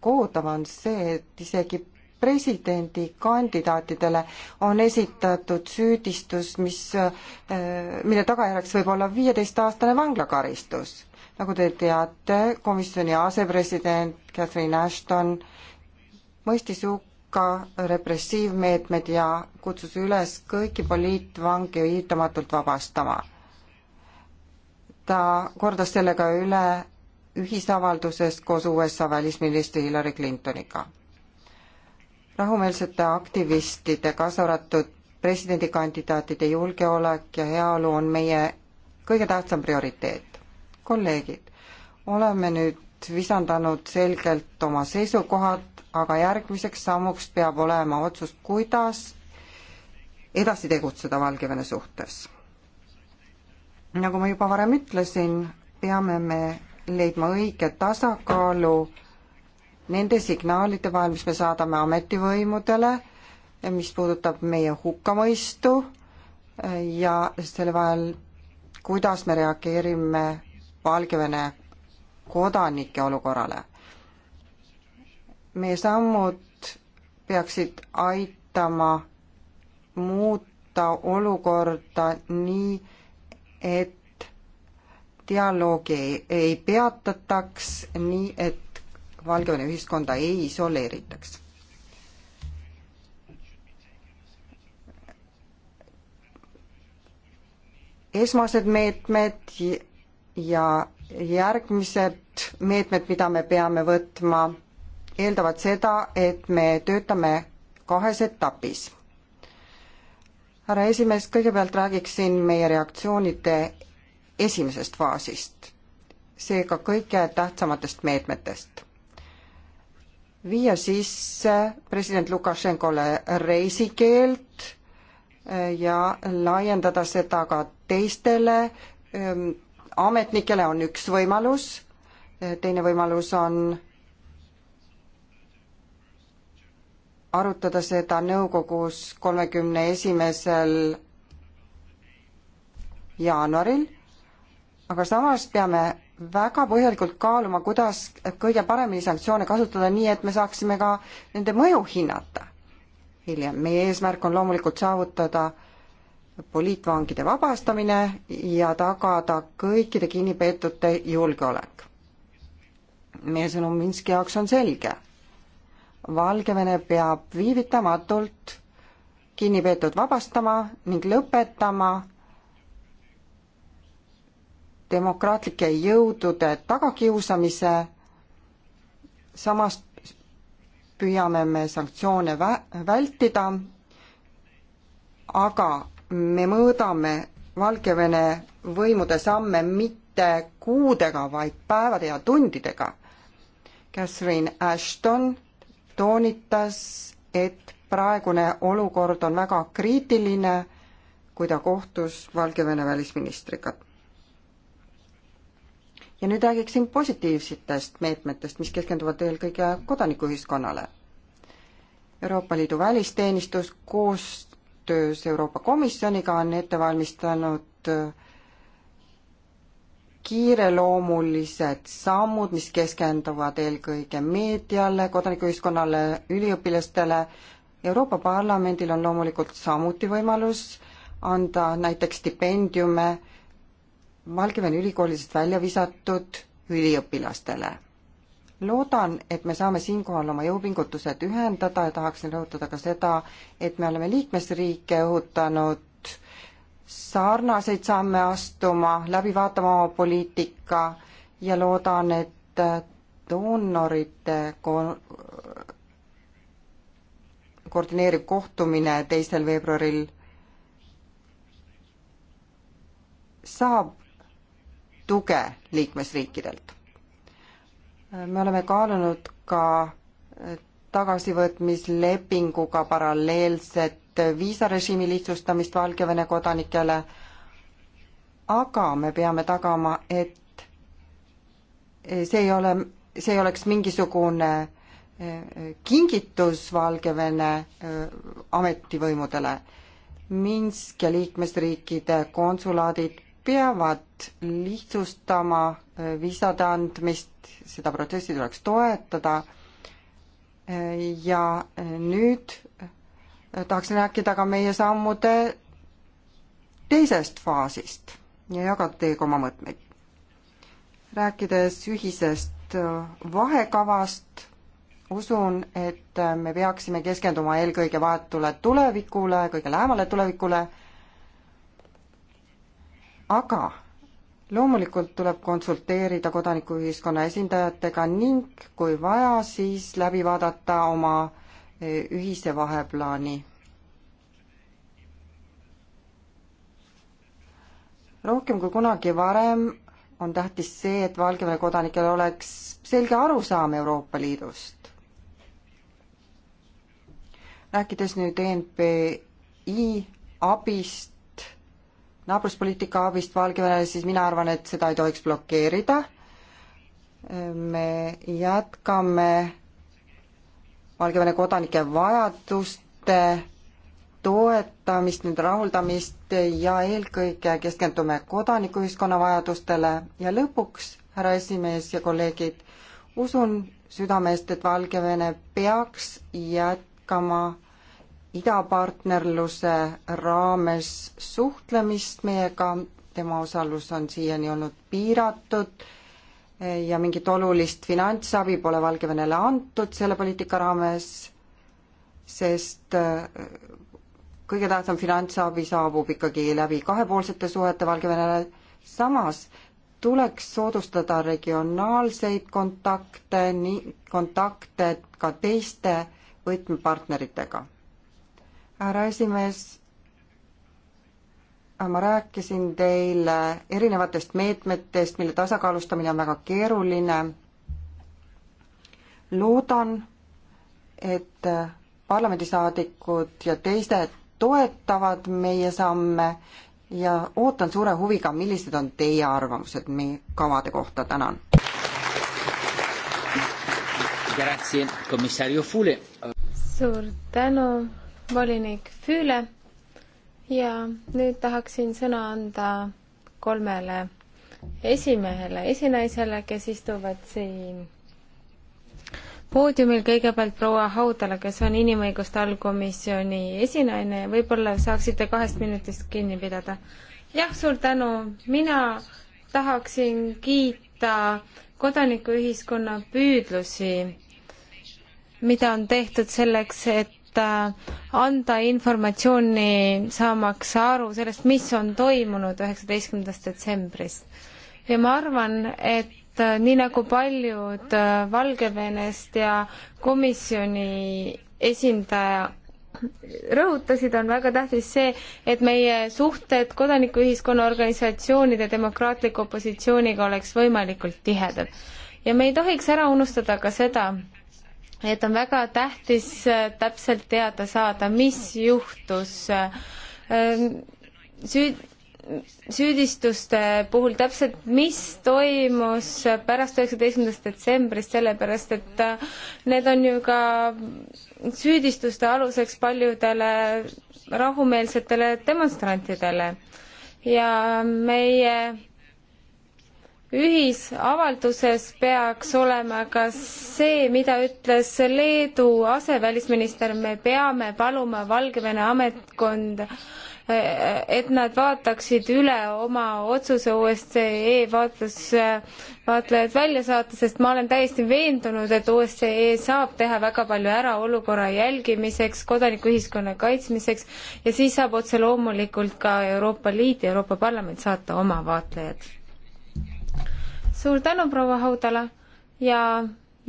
kohutav on see, et isegi presidendikandidaatidele on esitatud süüdistus, mis, eh, mille tagajärjeks võib olla viieteistaastane vanglakaristus. nagu te teate, komisjoni asepresident Catherine Ashton mõistis hukka hukka repressiivmeetmed ja kutsus üles kõiki poliitvange viivitamatult vabastama. ta kordas selle ka üle ühisavaldusest koos USA välisministri Hillary Clintoniga. rahumeelsete aktivistide, kaasa arvatud presidendikandidaatide julgeolek ja heaolu on meie kõige tähtsam prioriteet. kolleegid, oleme nüüd visandanud selgelt oma seisukohad, aga järgmiseks sammuks peab olema otsus, kuidas edasi tegutseda Valgevene suhtes. nagu ma juba varem ütlesin, peame me leidma õige tasakaalu nende signaalide vahel, mis me saadame ametivõimudele, mis puudutab meie hukkamõistu ja selle vahel, kuidas me reageerime Valgevene kodanike olukorrale meie sammud peaksid aitama muuta olukorda nii, et dialoogi ei, ei peatataks, nii et Valgevene ühiskonda ei isoleeritaks esmased meetmed ja järgmised meetmed, mida me peame võtma eeldavad seda, et me töötame kahes etapis. härra esimees, kõigepealt räägiksin meie reaktsioonide esimesest faasist, seega kõige tähtsamatest meetmetest. viia sisse president Lukašenkole reisikeeld äh, ja laiendada seda ka teistele ähm, ametnikele on üks võimalus, äh, teine võimalus on arutada seda nõukogus kolmekümne esimesel jaanuaril, aga samas peame väga põhjalikult kaaluma, kuidas kõige paremini sanktsioone kasutada, nii et me saaksime ka nende mõju hinnata hiljem. meie eesmärk on loomulikult saavutada poliitvangide vabastamine ja tagada kõikide kinnipeetute julgeolek. meie sõnum Minski jaoks on selge Valgevene peab viivitamatult kinnipeetud vabastama ning lõpetama demokraatlike jõudude tagakiusamise, samas püüame me sanktsioone vä-, vältida, aga me mõõdame Valgevene võimude samme mitte kuudega, vaid päevade ja tundidega. Catherine Ashton toonitas, et praegune olukord on väga kriitiline, kui ta kohtus Valgevene välisministriga. ja nüüd räägiksin positiivsetest meetmetest, mis keskenduvad eelkõige kodanikuühiskonnale. Euroopa Liidu välisteenistus koostöös Euroopa Komisjoniga on ette valmistanud äh, kiireloomulised sammud, mis keskenduvad eelkõige meediale, kodanikuühiskonnale, üliõpilastele. Euroopa Parlamendil on loomulikult samuti võimalus anda näiteks stipendiume Valgevene ülikoolidest välja visatud üliõpilastele. loodan, et me saame siinkohal oma jõupingutused ühendada ja tahaksin rõhutada ka seda, et me oleme liikmesriike õhutanud sarnaseid samme astuma, läbi vaatama oma poliitika ja loodan, et doonorite ko-, koordineeriv kohtumine teisel veebruaril saab tuge liikmesriikidelt. me oleme kaalunud ka tagasivõtmislepinguga paralleelset viisarežiimi lihtsustamist Valgevene kodanikele, aga me peame tagama, et see ei ole, see ei oleks mingisugune eh, kingitus Valgevene eh, ametivõimudele. Minsk ja liikmesriikide konsulaadid peavad lihtsustama eh, viisade andmist, seda protsessi tuleks toetada ja nüüd Äh, tahaksin rääkida ka meie sammude teisest faasist ja jagada teiega oma mõtmeid. rääkides ühisest äh, vahekavast, usun, et äh, me peaksime keskenduma eelkõige vahetule tulevikule, kõige lähemale tulevikule, aga loomulikult tuleb konsulteerida kodanikuühiskonna esindajatega ning kui vaja, siis läbi vaadata oma äh, ühise vaheplaani. rohkem kui kunagi varem on tähtis see, et Valgevene kodanikel oleks selge arusaam Euroopa Liidust. rääkides nüüd ENPI abist, naabruspoliitika abist Valgevenele, siis mina arvan, et seda ei tohiks blokeerida. me jätkame Valgevene kodanike vajaduste toetamist, nende rahuldamist ja eelkõige keskendume kodanikuühiskonna vajadustele ja lõpuks, härra esimees ja kolleegid, usun südamest, et Valgevene peaks jätkama idapartnerluse raames suhtlemist meiega, tema osalus on siiani olnud piiratud ja mingit olulist finantsabi pole Valgevenele antud selle poliitika raames, sest äh, kõige tähtsam finantsabi saabub ikkagi läbi kahepoolsete suhete Valgevenele, samas tuleks soodustada regionaalseid kontakte, nii kontakte ka teiste võtmepartneritega. härra esimees ma rääkisin teile erinevatest meetmetest, mille tasakaalustamine on väga keeruline. loodan, et parlamendisaadikud ja teised toetavad meie samme ja ootan suure huviga, millised on teie arvamused meie kavade kohta, tänan. suur tänu, volinik Füüle ja nüüd tahaksin sõna anda kolmele esimehele, esinaisele, kes istuvad siin poodiumil kõigepealt proua Haudala, kes on inimõiguste allkomisjoni esinaine ja võib-olla saaksite kahest minutist kinni pidada. jah, suur tänu, mina tahaksin kiita kodanikuühiskonna püüdlusi, mida on tehtud selleks, et Äh, anda informatsiooni, saamaks aru sellest, mis on toimunud üheksateistkümnendast detsembrist. ja ma arvan, et äh, nii nagu paljud äh, Valgevenest ja komisjoni esindaja rõhutasid, on väga tähtis see, et meie suhted kodanikuühiskonna organisatsioonide demokraatliku opositsiooniga oleks võimalikult tihedad. ja me ei tohiks ära unustada ka seda, et on väga tähtis äh, täpselt teada saada, mis juhtus ähm, süüd-, süüdistuste puhul täpselt, mis toimus pärast üheksateistkümnendast detsembrist, sellepärast et äh, need on ju ka süüdistuste aluseks paljudele rahumeelsetele demonstrantidele. ja meie ühisavalduses peaks olema ka see, mida ütles Leedu asevälisminister, me peame paluma Valgevene ametkonda, eh, et nad vaataksid üle oma otsuse OSCE vaatlus, vaatlejad välja saata, sest ma olen täiesti veendunud, et OSCE saab teha väga palju ära olukorra jälgimiseks, kodanikuühiskonna kaitsmiseks ja siis saab otse loomulikult ka Euroopa Liit ja Euroopa Parlament saata oma vaatlejad suur tänu, proua Haudala ja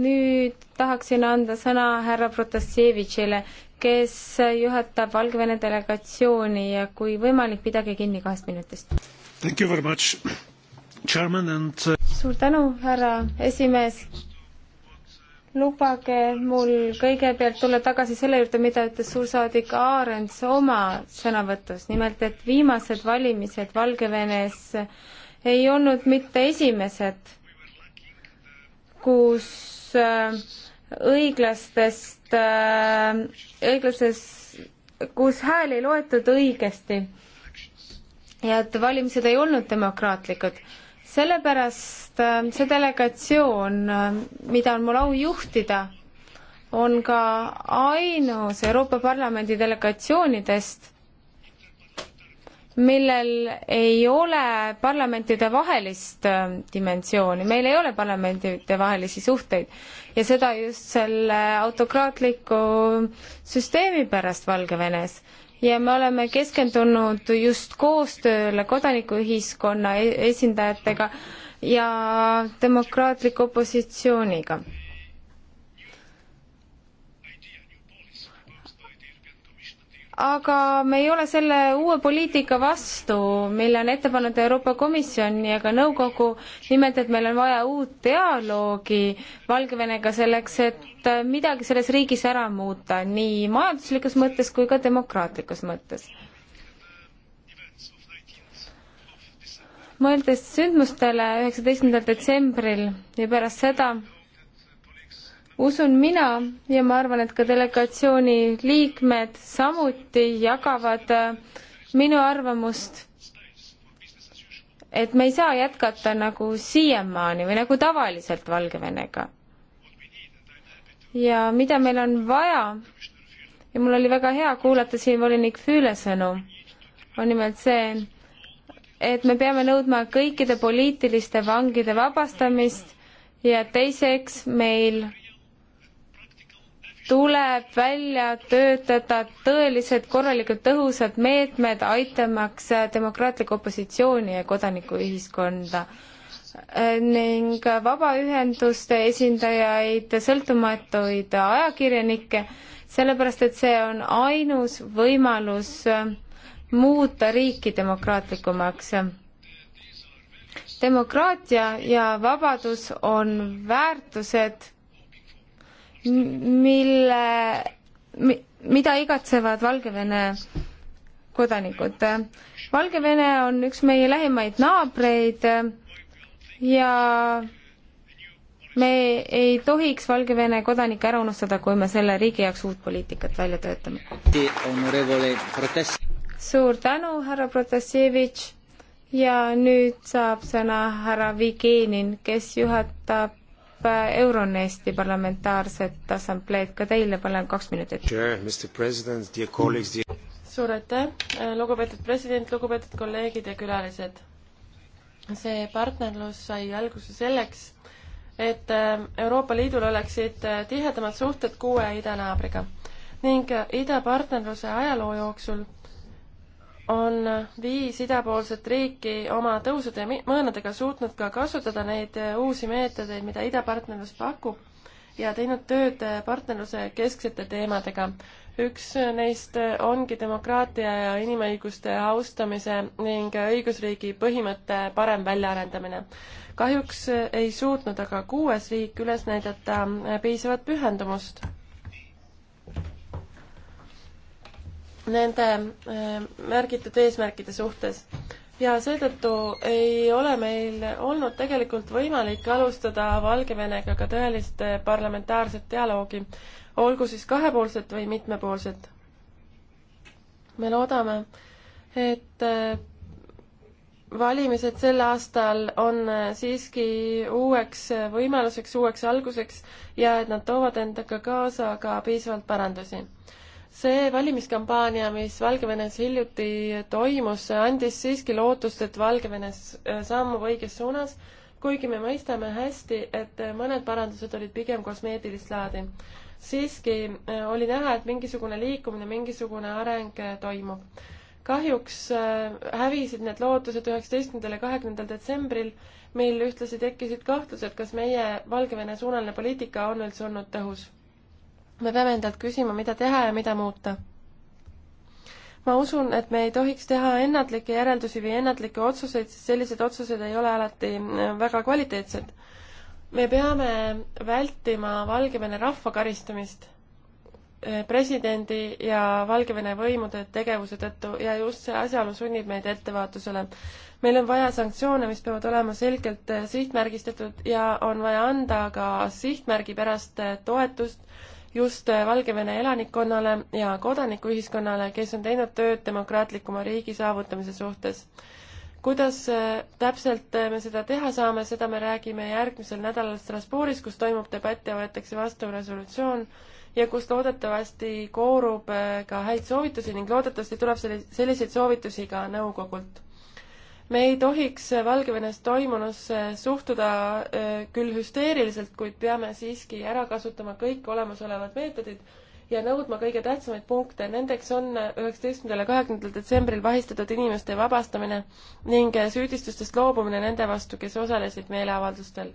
nüüd tahaksin anda sõna härra Protasevitšile, kes juhatab Valgevene delegatsiooni ja kui võimalik, pidage kinni kahest minutist. Thank you very much, chairman and uh, suur tänu, härra esimees. lubage mul kõigepealt tulla tagasi selle juurde, mida ütles suursaadik Aarents oma sõnavõtus, nimelt et viimased valimised Valgevenes äh, ei olnud mitte esimesed, kus äh, õiglastest, äh, õiglases, kus hääl ei loetud õigesti ja et valimised ei olnud demokraatlikud. sellepärast äh, see delegatsioon, mida on mul au juhtida, on ka ainus Euroopa Parlamendi delegatsioonidest, millel ei ole parlamentidevahelist äh, dimensiooni, meil ei ole parlamentidevahelisi suhteid ja seda just selle autokraatliku süsteemi pärast Valgevenes. ja me oleme keskendunud just koostööle kodanikuühiskonna e-, esindajatega ja demokraatliku opositsiooniga aga me ei ole selle uue poliitika vastu, mille on ette pannud Euroopa Komisjon ja ka nõukogu, nimelt et meil on vaja uut dialoogi Valgevenega selleks, et midagi selles riigis ära muuta, nii majanduslikus mõttes kui ka demokraatlikus mõttes. mõeldes sündmustele üheksateistkümnendal detsembril ja pärast seda, usun mina ja ma arvan, et ka delegatsiooni liikmed samuti jagavad äh, minu arvamust, et me ei saa jätkata nagu siiamaani või nagu tavaliselt Valgevenega. ja mida meil on vaja ja mul oli väga hea kuulata siin volinik Füüle sõnu, on nimelt see, et me peame nõudma kõikide poliitiliste vangide vabastamist ja teiseks meil tuleb välja töötada tõelised, korralikud, tõhusad meetmed, aitamaks demokraatlikku opositsiooni ja kodanikuühiskonda ning vabaühenduste esindajaid, sõltumatuid ajakirjanikke, sellepärast et see on ainus võimalus muuta riiki demokraatlikumaks. demokraatia ja vabadus on väärtused mille, mida igatsevad Valgevene kodanikud. Valgevene on üks meie lähimaid naabreid ja me ei tohiks Valgevene kodanikke ära unustada, kui me selle riigi jaoks uut poliitikat välja töötame. suur tänu, härra Protasevitš ja nüüd saab sõna härra Vigenin, kes juhatab puudutab äh, Euronesti parlamentaarset assambleed, ka teile panen kaks minutit. suur aitäh, äh, lugupeetud president, lugupeetud kolleegid ja külalised. see partnerlus sai alguse selleks, et äh, Euroopa Liidul oleksid tihedamad suhted kuue idanaabriga ning idapartnerluse ajaloo jooksul on viis idapoolset riiki oma tõusude ja mõõnadega suutnud ka kasutada neid uusi meetodeid, mida idapartnerlus pakub ja teinud tööd partnerluse kesksete teemadega. üks neist ongi demokraatia ja inimõiguste austamise ning õigusriigi põhimõtte parem väljaarendamine. kahjuks ei suutnud aga kuues riik üles näidata piisavat pühendumust nende äh, märgitud eesmärkide suhtes. ja seetõttu ei ole meil olnud tegelikult võimalik alustada Valgevenega ka tõelist äh, parlamentaarset dialoogi, olgu siis kahepoolset või mitmepoolset. me loodame, et äh, valimised sel aastal on siiski uueks võimaluseks, uueks alguseks ja et nad toovad endaga kaasa ka piisavalt parandusi see valimiskampaania, mis Valgevenes hiljuti toimus, andis siiski lootust, et Valgevenes äh, sammub õiges suunas, kuigi me mõistame hästi, et äh, mõned parandused olid pigem kosmeetilist laadi. siiski äh, oli näha, et mingisugune liikumine, mingisugune areng toimub. kahjuks hävisid need lootused üheksateistkümnendal ja kahekümnendal detsembril, mil ühtlasi tekkisid kahtlused, kas meie Valgevene suunaline poliitika on üldse olnud tõhus me peame endalt küsima, mida teha ja mida muuta. ma usun, et me ei tohiks teha ennatlikke järeldusi või ennatlikke otsuseid, sest sellised otsused ei ole alati äh, väga kvaliteetsed. me peame vältima Valgevene rahva karistamist äh, presidendi ja Valgevene võimude tegevuse tõttu ja just see asjaolu sunnib meid ettevaatusele. meil on vaja sanktsioone, mis peavad olema selgelt äh, sihtmärgistatud ja on vaja anda ka sihtmärgipärast toetust just Valgevene elanikkonnale ja kodanikuühiskonnale, kes on teinud tööd demokraatlikuma riigi saavutamise suhtes. kuidas äh, täpselt äh, me seda teha saame, seda me räägime järgmisel nädalal Strasbourgis, kus toimub debatt ja võetakse vastu resolutsioon ja kus loodetavasti koorub äh, ka häid soovitusi ning loodetavasti tuleb selliseid soovitusi ka nõukogult me ei tohiks Valgevenes toimunusse suhtuda äh, küll hüsteeriliselt, kuid peame siiski ära kasutama kõik olemasolevad meetodid ja nõudma kõige tähtsamaid punkte. Nendeks on üheksateistkümnendal ja kahekümnendal detsembril vahistatud inimeste vabastamine ning süüdistustest loobumine nende vastu, kes osalesid meeleavaldustel.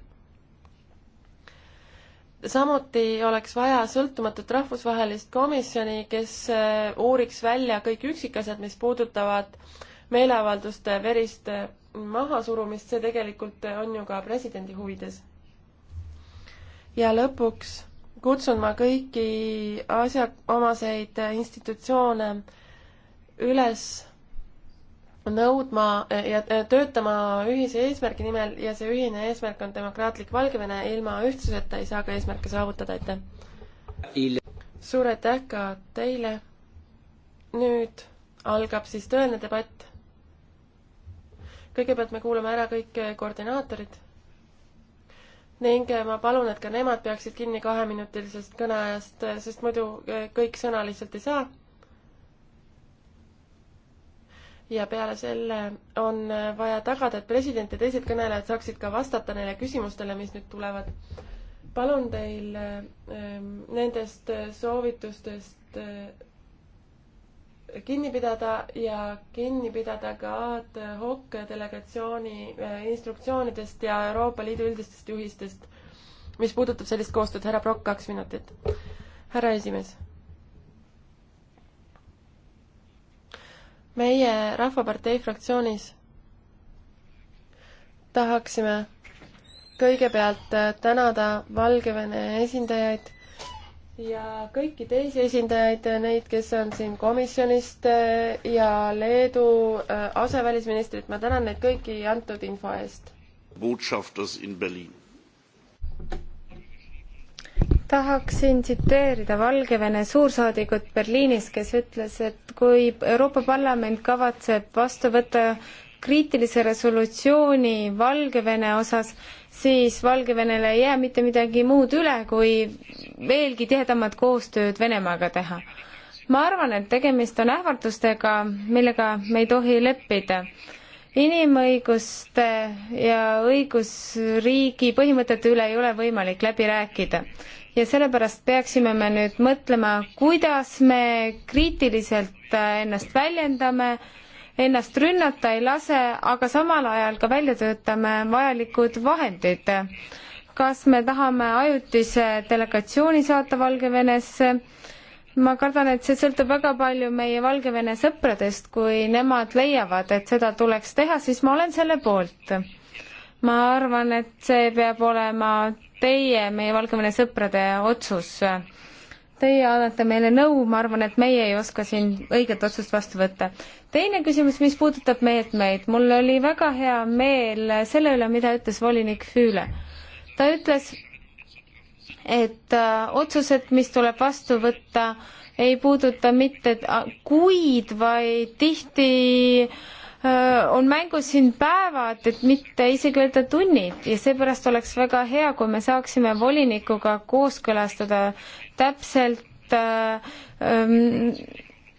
samuti oleks vaja sõltumatut rahvusvahelist komisjoni, kes äh, uuriks välja kõik üksikasjad, mis puudutavad äh, meeleavalduste verist mahasurumist, see tegelikult on ju ka presidendi huvides. ja lõpuks kutsun ma kõiki asjaomaseid institutsioone üles nõudma ja töötama ühise eesmärgi nimel ja see ühine eesmärk on demokraatlik Valgevene, ilma ühtsuseta ei saa ka eesmärke saavutada, aitäh! suur aitäh ka teile! nüüd algab siis tõeline debatt kõigepealt me kuulame ära kõik eh, koordinaatorid ning eh, ma palun, et ka nemad peaksid kinni kaheminutilisest kõneajast, eh, sest muidu kõik sõna lihtsalt ei saa. ja peale selle on vaja tagada, et president ja teised kõnelejad saaksid ka vastata neile küsimustele, mis nüüd tulevad. palun teil nendest soovitustest kinni pidada ja kinni pidada ka ad hoc delegatsiooni eh, instruktsioonidest ja Euroopa Liidu üldistest juhistest, mis puudutab sellist koostööd. härra Prokk, kaks minutit. härra esimees. meie Rahvapartei fraktsioonis tahaksime kõigepealt eh, tänada Valgevene esindajaid ja kõiki teisi esindajaid, neid, kes on siin komisjonist äh, ja Leedu äh, asevälisministrit, ma tänan neid kõiki antud info eest. tahaksin tsiteerida Valgevene suursaadikut Berliinis, kes ütles, et kui Euroopa Parlament kavatseb vastu võtta kriitilise resolutsiooni Valgevene osas, siis Valgevenele ei jää mitte midagi muud üle, kui veelgi tihedamat koostööd Venemaaga teha. ma arvan, et tegemist on ähvardustega, millega me ei tohi leppida. inimõiguste ja õigusriigi põhimõtete üle ei ole võimalik läbi rääkida ja sellepärast peaksime me nüüd mõtlema, kuidas me kriitiliselt ennast väljendame ennast rünnata ei lase, aga samal ajal ka välja töötame vajalikud vahendid. kas me tahame ajutise delegatsiooni saata Valgevenesse? ma kardan, et see sõltub väga palju meie Valgevene sõpradest, kui nemad leiavad, et seda tuleks teha, siis ma olen selle poolt. ma arvan, et see peab olema teie, meie Valgevene sõprade otsus teie annate meile nõu, ma arvan, et meie ei oska siin õiget otsust vastu võtta. teine küsimus, mis puudutab meetmeid, mul oli väga hea meel selle üle, mida ütles volinik Füüle. ta ütles, et äh, otsused, mis tuleb vastu võtta, ei puuduta mitte äh, kuid, vaid tihti äh, on mängus siin päevad, et mitte isegi öelda tunnid ja seepärast oleks väga hea, kui me saaksime volinikuga kooskõlastada täpselt äh, ähm,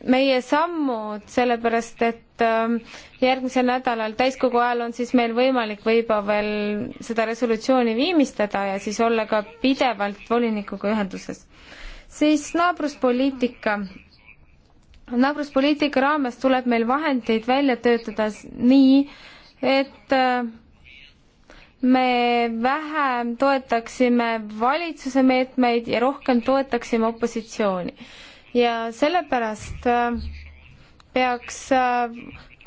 meie sammud, sellepärast et ähm, järgmisel nädalal täiskogu ajal on siis meil võimalik võib-olla veel seda resolutsiooni viimistleda ja siis olla ka pidevalt volinikuga ühenduses. siis naabruspoliitika. naabruspoliitika raames tuleb meil vahendeid välja töötada nii, et äh, me vähem toetaksime valitsuse meetmeid ja rohkem toetaksime opositsiooni. ja sellepärast äh, peaks äh,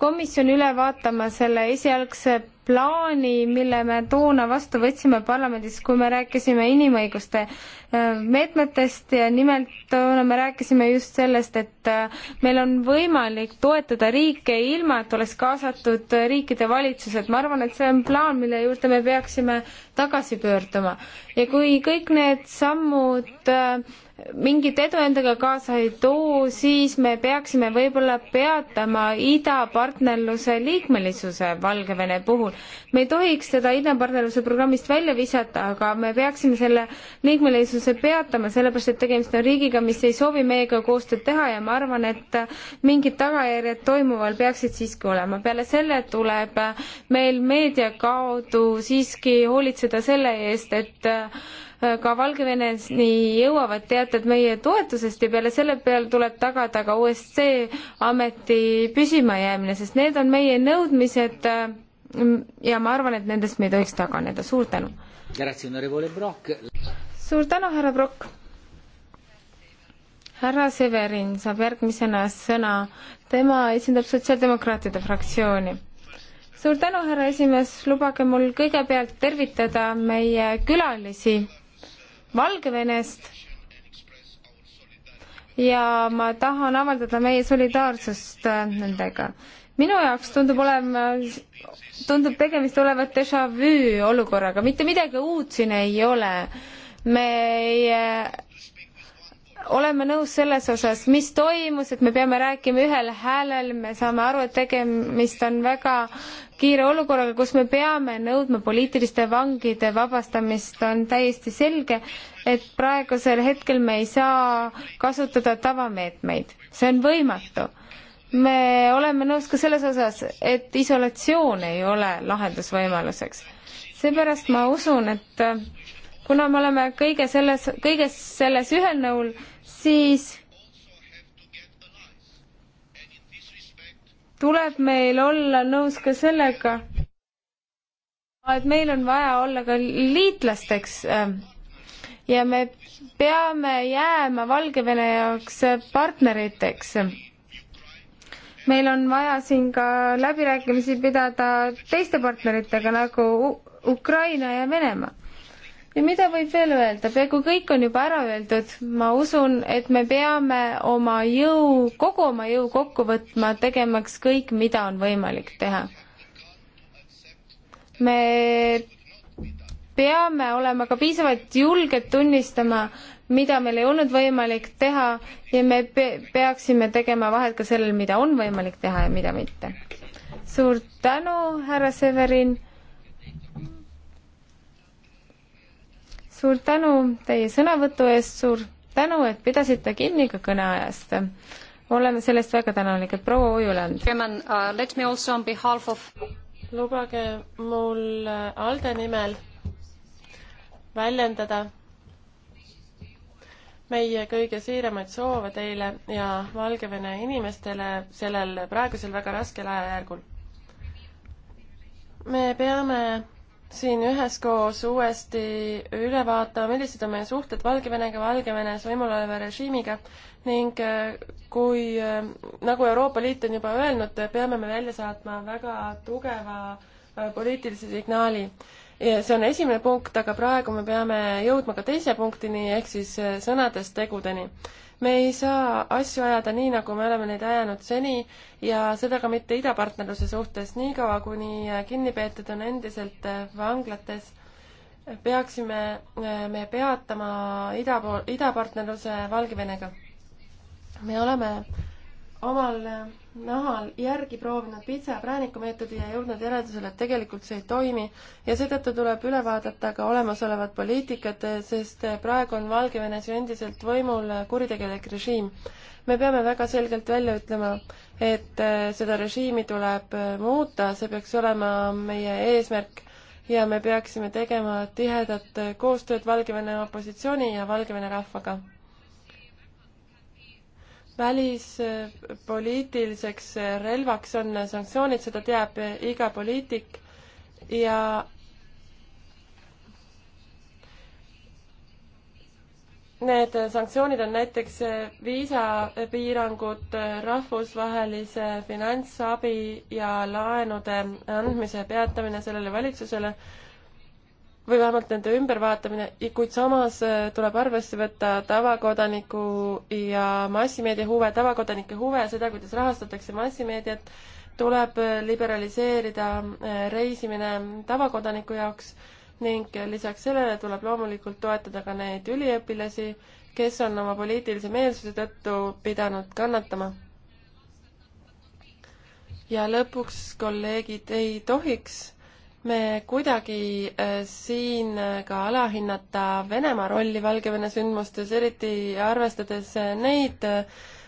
komisjon üle vaatama selle esialgse plaani, mille me toona vastu võtsime parlamendis, kui me rääkisime inimõiguste äh, meetmetest ja nimelt toona me rääkisime just sellest, et äh, meil on võimalik toetada riike ilma, et oleks kaasatud riikide valitsused. ma arvan, et see on plaan, mille juurde me peaksime tagasi pöörduma. ja kui kõik need sammud äh, mingit edu endaga kaasa ei too, siis me peaksime võib-olla peatama idapartnerluse liikmelisuse Valgevene puhul me ei tohiks seda idapartnerluse programmist välja visata, aga me peaksime selle liikmelisuse peatama, sellepärast et tegemist on riigiga, mis ei soovi meiega koostööd teha ja ma arvan, et mingid tagajärjed toimuval peaksid siiski olema. peale selle tuleb meil meedia kaudu siiski hoolitseda selle eest, et äh, ka Valgeveneni jõuavad teated meie toetusest ja peale selle peale tuleb tagada ka OSCE ameti püsimajäämine, sest need on meie nõudmised äh, Mm, ja ma arvan, et nendest me ei tohiks taganeda, suur tänu. suur tänu, härra Brock. härra Severin saab järgmisena sõna, tema esindab Sotsiaaldemokraatide fraktsiooni. suur tänu, härra esimees, lubage mul kõigepealt tervitada meie külalisi Valgevenest ja ma tahan avaldada meie solidaarsust nendega minu jaoks tundub olema, tundub tegemist olevat déjà vu olukorraga, mitte midagi uut siin ei ole. me ei, eh, oleme nõus selles osas, mis toimus, et me peame rääkima ühel häälel, me saame aru, et tegemist on väga kiire olukorraga, kus me peame nõudma poliitiliste vangide vabastamist, on täiesti selge, et praegusel hetkel me ei saa kasutada tavameetmeid, see on võimatu me oleme nõus ka selles osas, et isolatsioon ei ole lahendusvõimaluseks. seepärast ma usun, et äh, kuna me oleme kõige selles, kõiges selles ühel nõul, siis tuleb meil olla nõus ka sellega, et meil on vaja olla ka liitlasteks äh, ja me peame jääma Valgevene jaoks äh, partneriteks meil on vaja siin ka läbirääkimisi pidada teiste partneritega nagu Ukraina ja Venemaa. ja mida võib veel öelda, peaaegu kõik on juba ära öeldud, ma usun, et me peame oma jõu, kogu oma jõu kokku võtma, tegemaks kõik, mida on võimalik teha. me peame olema ka piisavalt julged tunnistama, mida meil ei olnud võimalik teha ja me pe peaksime tegema vahet ka sellel, mida on võimalik teha ja mida mitte. suur tänu, härra Severin. suur tänu teie sõnavõtu eest, suur tänu, et pidasite kinni ka kõneajast. oleme selle eest väga tänulikud, proua Ujuland. Uh, lubage mul uh, ALDE nimel väljendada meie kõige siiramaid soove teile ja Valgevene inimestele sellel praegusel väga raskel ajajärgul. me peame siin üheskoos uuesti üle vaatama, millised on meie suhted Valgevenega, Valgevenes võimul oleva režiimiga ning äh, kui, äh, nagu Euroopa Liit on juba öelnud, peame me välja saatma väga tugeva äh, poliitilise signaali see on esimene punkt, aga praegu me peame jõudma ka teise punktini, ehk siis äh, sõnadest tegudeni. me ei saa asju ajada nii, nagu me oleme neid ajanud seni ja seda ka mitte idapartnerluse suhtes, niikaua kuni äh, kinnipeetud on endiselt äh, vanglates, peaksime me peatama ida, idapartnerluse Valgevenega. me oleme omal nahal järgi proovinud pitsa ja prääniku meetodi ja jõudnud järeldusele, et tegelikult see ei toimi ja seetõttu tuleb üle vaadata ka olemasolevad poliitikad, sest praegu on Valgevenes ju endiselt võimul kuritegelik režiim. me peame väga selgelt välja ütlema, et seda režiimi tuleb muuta, see peaks olema meie eesmärk ja me peaksime tegema tihedat koostööd Valgevene opositsiooni ja Valgevene rahvaga välispoliitiliseks relvaks on sanktsioonid, seda teab iga poliitik ja Need sanktsioonid on näiteks viisapiirangud, rahvusvahelise finantsabi ja laenude andmise peatamine sellele valitsusele või vähemalt nende ümbervaatamine, kuid samas äh, tuleb arvesse võtta tavakodaniku ja massimeedia huve, tavakodanike huve, seda, kuidas rahastatakse massimeediat, tuleb äh, liberaliseerida äh, reisimine tavakodaniku jaoks ning lisaks sellele tuleb loomulikult toetada ka neid üliõpilasi, kes on oma poliitilise meelsuse tõttu pidanud kannatama. ja lõpuks, kolleegid, ei tohiks me kuidagi äh, siin äh, ka alahinnata Venemaa rolli Valgevene sündmustes, eriti arvestades äh, neid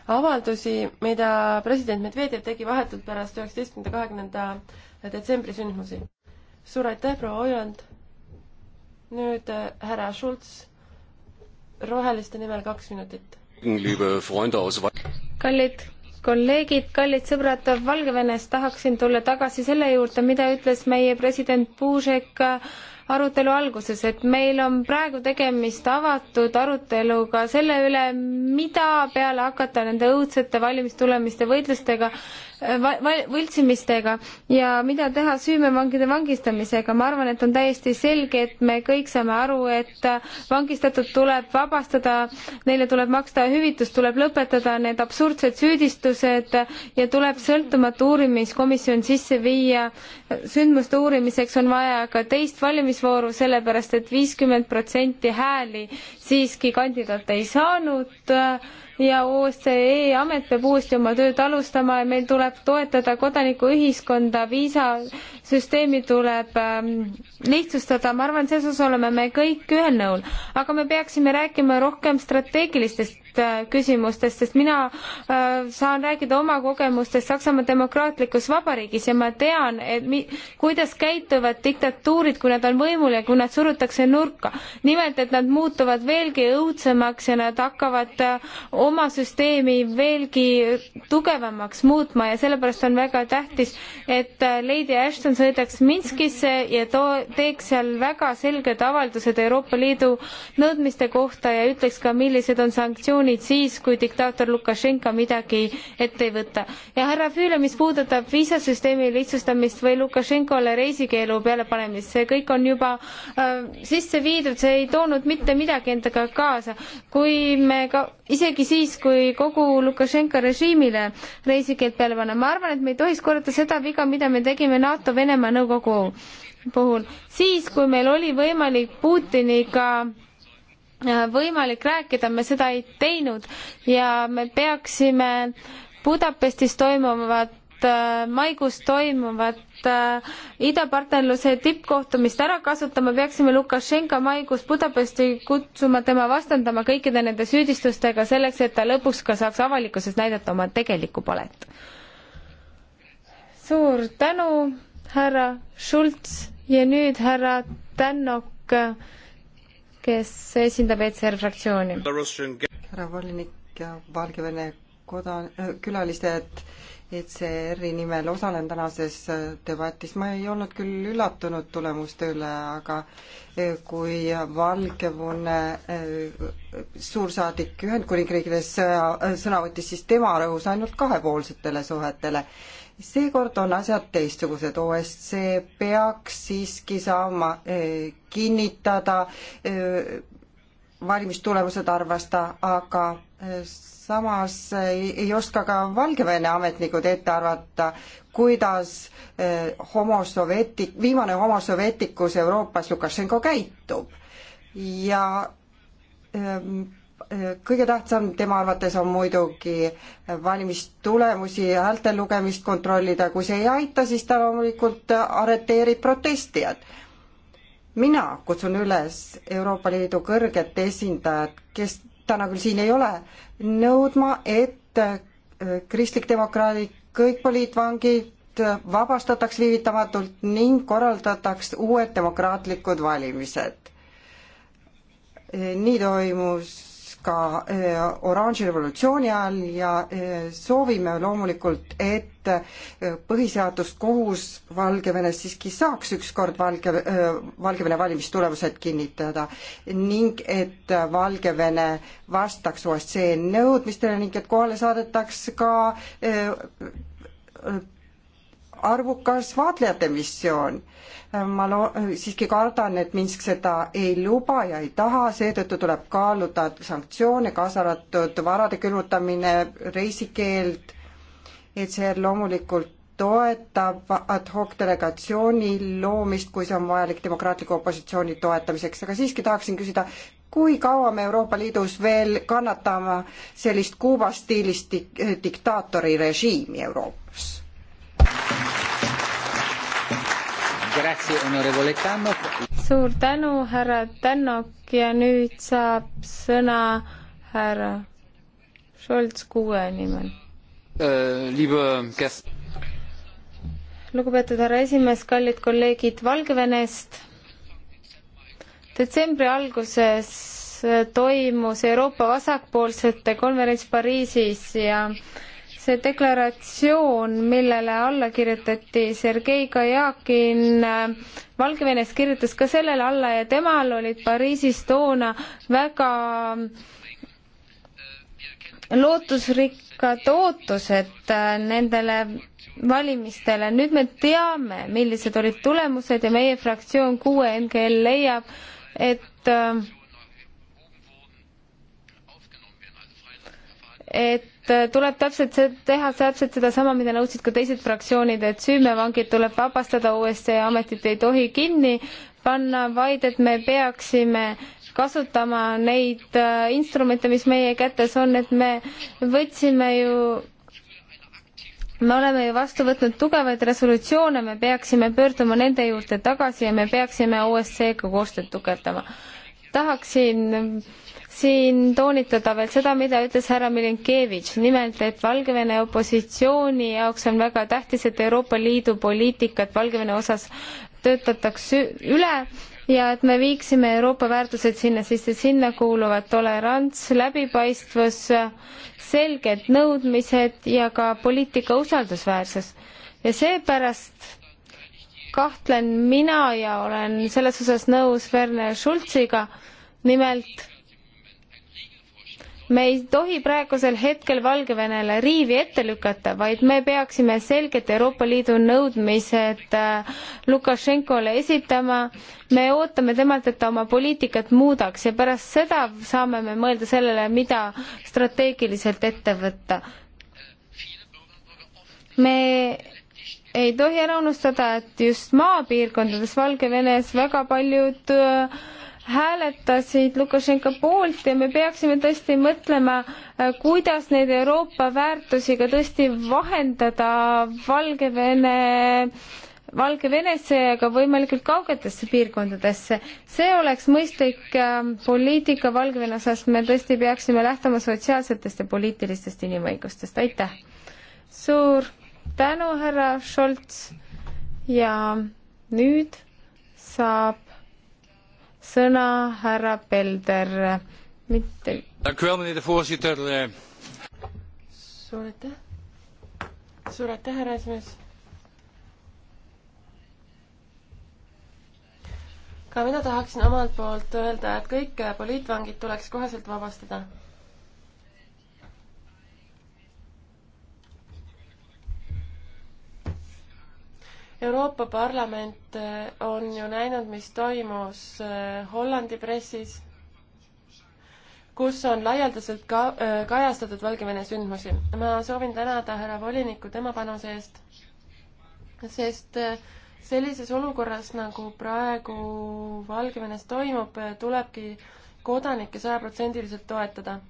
avaldusi, mida president Medvedjev tegi vahetult pärast üheksateistkümnenda, kahekümnenda detsembri sündmusi. suur aitäh, proua Ojuland! nüüd härra Schulz, roheliste nimel kaks minutit. kallid kolleegid, kallid sõbrad Valgevenest, tahaksin tulla tagasi selle juurde, mida ütles meie president Puusek arutelu alguses, et meil on praegu tegemist avatud aruteluga selle üle, mida peale hakata nende õudsete valimistulemiste võitlustega võltsimistega ja mida teha süümevangide vangistamisega. ma arvan, et on täiesti selge, et me kõik saame aru, et vangistatud tuleb vabastada, neile tuleb maksta hüvitust, tuleb lõpetada need absurdsed süüdistused ja tuleb sõltumatu uurimiskomisjon sisse viia. sündmuste uurimiseks on vaja ka teist valimisvooru, sellepärast et viiskümmend protsenti hääli siiski kandidaat ei saanud ja OSCE amet peab uuesti oma tööd alustama ja meil tuleb toetada kodanikuühiskonda, viisasüsteemi tuleb ähm, lihtsustada, ma arvan, selles osas oleme me kõik ühel nõul. aga me peaksime rääkima rohkem strateegilistest Äh, küsimustest, sest mina äh, saan rääkida oma kogemustest Saksamaa demokraatlikus vabariigis ja ma tean, et mi-, kuidas käituvad diktatuurid, kui nad on võimul ja kui nad surutakse nurka. nimelt, et nad muutuvad veelgi õudsemaks ja nad hakkavad äh, oma süsteemi veelgi tugevamaks muutma ja sellepärast on väga tähtis, et Lady Ashton sõidaks Minskisse ja too, teeks seal väga selged avaldused Euroopa Liidu nõudmiste kohta ja ütleks ka, millised on sanktsioonid sanktsioonid siis, kui diktaator Lukašenka midagi ette ei võta. ja härra Füüle, mis puudutab viisasüsteemi lihtsustamist või Lukašenkole reisikeelu pealepanemist, see kõik on juba äh, sisse viidud, see ei toonud mitte midagi endaga kaasa. kui me ka, isegi siis, kui kogu Lukašenka režiimile reisikeeld peale paneme, ma arvan, et me ei tohiks korrata seda viga, mida me tegime NATO-Venemaa nõukogu puhul, siis kui meil oli võimalik Putiniga äh, võimalik rääkida, me seda ei teinud ja me peaksime Budapestis toimuvat äh, maikuus toimuvat äh, idapartnerluse tippkohtumist ära kasutama, peaksime Lukašenka maikuus Budapesti kutsuma tema vastandama kõikide nende süüdistustega selleks, et ta lõpuks ka saaks avalikkuses näidata oma tegelikku palet. suur tänu, härra Schultz ja nüüd härra Tännok äh, kes esindab ECR fraktsiooni. härra volinik ja Valgevene koda-, äh, külalised, ECR-i nimel osalen tänases äh, debatis. ma ei olnud küll üllatunud tulemuste üle, aga äh, kui Valgevene suursaadik Ühendkuningriigides sõna võttis, siis tema rõhus ainult kahepoolsetele suhetele seekord on asjad teistsugused, OSCE peaks siiski saama eh, kinnitada eh, valimistulemused arvesta, aga eh, samas ei, ei oska ka Valgevene ametnikud ette arvata, kuidas homosovjetik, viimane homosovjetikus Euroopas Lukašenko käitub ja ähm, kõige tähtsam tema arvates on muidugi valimistulemusi ja häälte lugemist kontrollida, kui see ei aita, siis ta loomulikult arreteerib protestijad. mina kutsun üles Euroopa Liidu kõrget esindajat, kes täna küll siin ei ole, nõudma, et äh, kristlik-demokraadid, kõik poliitvangid vabastataks viivitamatult ning korraldataks uued demokraatlikud valimised. nii toimus ka äh, oranži revolutsiooni ajal ja äh, soovime loomulikult, et äh, põhiseaduskohus Valgevenes siiski saaks ükskord Valge, Valgevene valimistulemused kinnitada ning et Valgevene vastaks OSCE nõudmistele ning et kohale saadetaks ka arvukas vaatlejate missioon. ma lo-, siiski kardan, et Minsk seda ei luba ja ei taha, seetõttu tuleb kaaluda sanktsioone, kaasa arvatud varade külmutamine, reisikeeld, et see loomulikult toetab ad hoc delegatsiooni loomist, kui see on vajalik demokraatliku opositsiooni toetamiseks, aga siiski tahaksin küsida, kui kaua me Euroopa Liidus veel kannatame sellist Kuuba stiilist dik-, diktaatori režiimi Euroopas? suur tänu, härra Tännok ja nüüd saab sõna härra Scholz kuue nimel äh,. lugupeetud härra esimees, kallid kolleegid Valgevenest. detsembri alguses toimus Euroopa vasakpoolsete konverents Pariisis ja äh, see deklaratsioon, millele alla kirjutati Sergei Kajakin äh, Valgevenest, kirjutas ka sellele alla ja temal olid Pariisis toona väga lootusrikkad ootused äh, nendele valimistele. nüüd me teame, millised olid tulemused ja meie fraktsioon kuue MGL leiab, et äh, et Äh, tuleb täpselt see, teha täpselt sedasama, mida nõudsid ka teised fraktsioonid, et süümevangid tuleb vabastada, OSCE ametit ei tohi kinni panna, vaid et me peaksime kasutama neid äh, instrumente, mis meie kätes on, et me võtsime ju me oleme ju vastu võtnud tugevaid resolutsioone, me peaksime pöörduma nende juurde tagasi ja me peaksime OSCE-ga koostööd tugevdama. tahaksin siin toonitada veel seda, mida ütles härra Milinkevitš, nimelt et Valgevene opositsiooni jaoks on väga tähtis, et Euroopa Liidu poliitikat Valgevene osas töötatakse üle ja et me viiksime Euroopa väärtused sinna sisse, sinna kuuluvad tolerants, läbipaistvus, selged nõudmised ja ka poliitika usaldusväärsus. ja seepärast kahtlen mina ja olen selles osas nõus Werner Schulziga, nimelt me ei tohi praegusel hetkel Valgevenele riivi ette lükata, vaid me peaksime selgelt Euroopa Liidu nõudmised äh, Lukašenkole esitama. me ootame temalt, et ta oma poliitikat muudaks ja pärast seda saame me mõelda sellele, mida strateegiliselt ette võtta. me ei tohi ära unustada, et just maapiirkondades Valgevenes väga paljud öö, äh, hääletasid Lukašenka poolt ja me peaksime tõesti mõtlema, äh, kuidas neid Euroopa väärtusi ka tõesti vahendada Valgevene Valgevenesse ja ka võimalikult kaugetesse piirkondadesse. see oleks mõistlik äh, poliitika Valgevene osas, me tõesti peaksime lähtuma sotsiaalsetest ja poliitilistest inimõigustest, aitäh! suur tänu, härra Scholz ja nüüd saab sõna härra Pelder, mitte. Eh, suur aitäh. suur aitäh, härra esimees. ka mina tahaksin omalt poolt öelda, et kõik poliitvangid tuleks koheselt vabastada Euroopa Parlament eh, on ju näinud, mis toimus eh, Hollandi pressis, kus on laialdaselt ka eh, kajastatud Valgevene sündmusi. ma soovin tänada härra volinikku tema panuse eest, sest sellises olukorras, nagu praegu Valgevenes toimub, tulebki kodanikke sajaprotsendiliselt toetada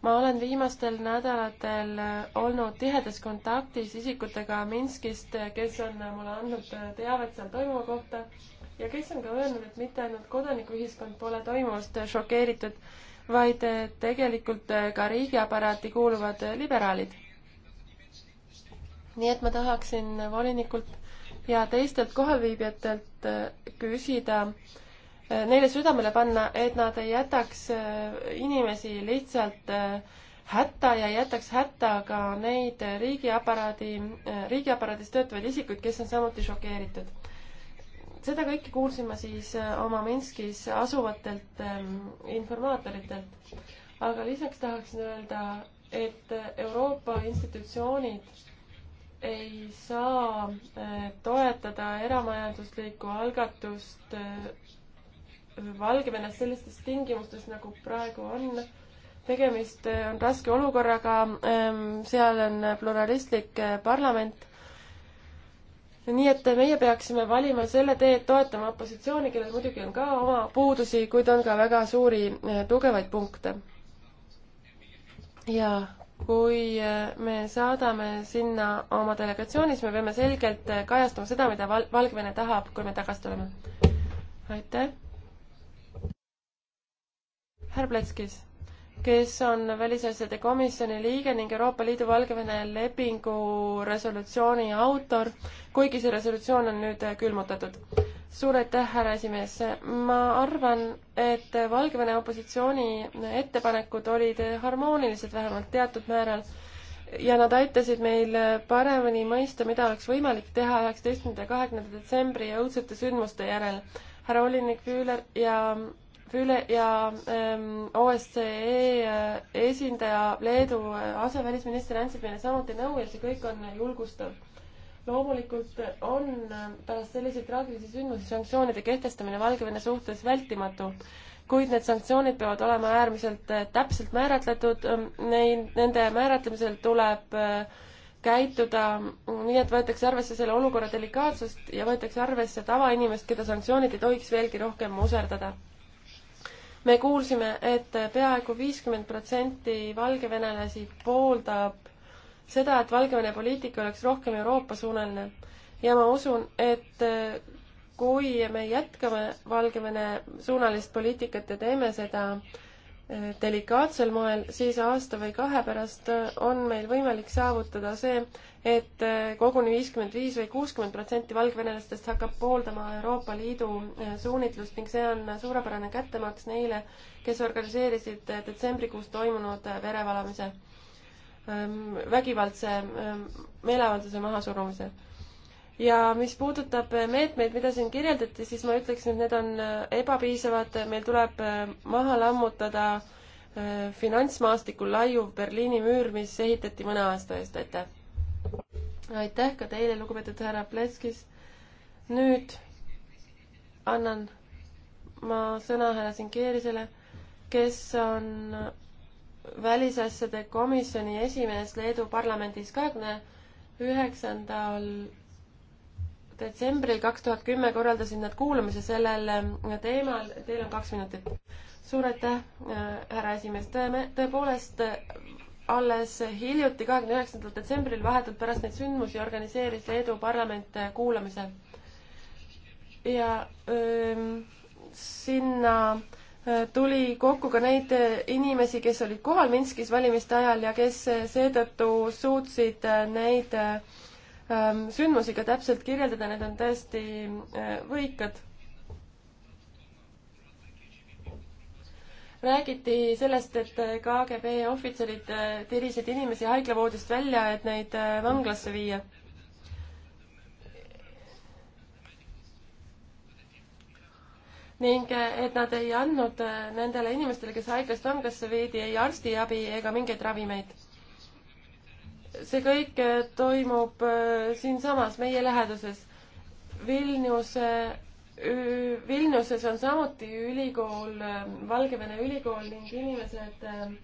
ma olen viimastel nädalatel olnud tihedas kontaktis isikutega Minskist, kes on mulle andnud teavet seal toimuva kohta ja kes on ka öelnud, et mitte ainult kodanikuühiskond pole toimuvast šokeeritud, vaid tegelikult ka riigiaparaati kuuluvad liberaalid. nii et ma tahaksin volinikult ja teistelt kohalviibijatelt küsida äh, neile südamele panna, et nad ei jätaks äh, inimesi lihtsalt äh, hätta ja jätaks hätta ka neid riigiaparaadi, äh, riigiaparaadis töötavaid isikuid, kes on samuti šokeeritud. seda kõike kuulsin ma siis oma Minskis asuvatelt ähm, informaatoritelt. aga lisaks tahaksin öelda, et Euroopa institutsioonid ei saa toetada eramajanduslikku algatust Valgevenes sellistes tingimustes, nagu praegu on. tegemist eh, on raske olukorraga, ehm, seal on pluralistlik eh, parlament. nii et meie peaksime valima selle tee, et toetame opositsiooni, kellel muidugi on ka oma puudusi, kuid on ka väga suuri eh, tugevaid punkte. ja kui me saadame sinna oma delegatsiooni, siis me peame selgelt kajastama seda, mida Val-, Valgevene tahab, kui me tagasi tuleme. aitäh! härra Plekskis, kes on Välisasjade Komisjoni liige ning Euroopa Liidu Valgevene lepingu resolutsiooni autor, kuigi see resolutsioon on nüüd külmutatud. suur aitäh, härra esimees, ma arvan, et Valgevene opositsiooni ettepanekud olid harmoonilised vähemalt teatud määral ja nad aitasid meil paremini mõista, mida oleks võimalik teha üheksateistkümnenda ja kahekümnenda detsembri õudsete sündmuste järel. härra Olinik Füüler ja Füle ja ähm, OSCE äh, esindaja Leedu äh, asevälisminister andsid meile samuti nõu ja see kõik on äh, julgustav. loomulikult on pärast selliseid traagilisi sündmusi sanktsioonide kehtestamine Valgevene suhtes vältimatu, kuid need sanktsioonid peavad olema äärmiselt täpselt määratletud, ähm, neil, nende määratlemisel tuleb käituda nii, et võetakse arvesse selle olukorra delikaatsust ja võetakse arvesse tavainimest, keda sanktsioonid ei tohiks veelgi rohkem muserdada me kuulsime et, et peaaegu viiskümmend protsenti valgevenelasi pooldab seda, et Valgevene poliitika oleks rohkem Euroopa-suunaline. ja ma usun, et kui me jätkame Valgevene-suunalist poliitikat ja teeme seda äh, delikaatsel moel, siis aasta või kahe pärast äh, on meil võimalik saavutada see, et äh, koguni viiskümmend viis või kuuskümmend protsenti valgvenelastest hakkab pooldama Euroopa Liidu äh, suunitlust ning see on suurepärane kättemaks neile, kes organiseerisid detsembrikuus toimunud verevalamise, ähm, vägivaldse ähm, meeleavalduse mahasurumise ja mis puudutab äh, meetmeid, mida siin kirjeldati, siis ma ütleksin, et need on äh, ebapiisavad, meil tuleb äh, maha lammutada finantsmaastikul laiuv Berliini müür, mis ehitati mõne aasta eest, aitäh! aitäh ka teile, lugupeetud härra Pleskis! nüüd annan ma sõna härra Sinkeerisele, kes on välisasjade komisjoni esimees Leedu parlamendis kahekümne üheksandal detsembril kaks tuhat kümme korraldasid nad kuulamise sellel äh, teemal, teil on kaks minutit. suur aitäh, äh, härra esimees, tõepoolest äh, alles hiljuti, kahekümne üheksandal detsembril, vahetult pärast neid sündmusi organiseeris Leedu parlament kuulamise. ja öö, ähm, sinna tuli kokku ka neid inimesi, kes olid kohal Minskis valimiste ajal ja kes seetõttu suutsid neid öö, Ähm, sündmusi ka täpselt kirjeldada, need on tõesti äh, võikad. räägiti sellest, et äh, KGB ohvitserid äh, tirisid inimesi haiglavoodist välja, et neid vanglasse viia ning et nad ei andnud nendele inimestele, kes haiglast vanglasse viidi, ei arstiabi ega mingeid ravimeid see kõik äh, toimub äh, siinsamas meie läheduses. Vilniuse, Vilniuses on samuti ülikool, äh, Valgevene ülikool ning inimesed, ähm,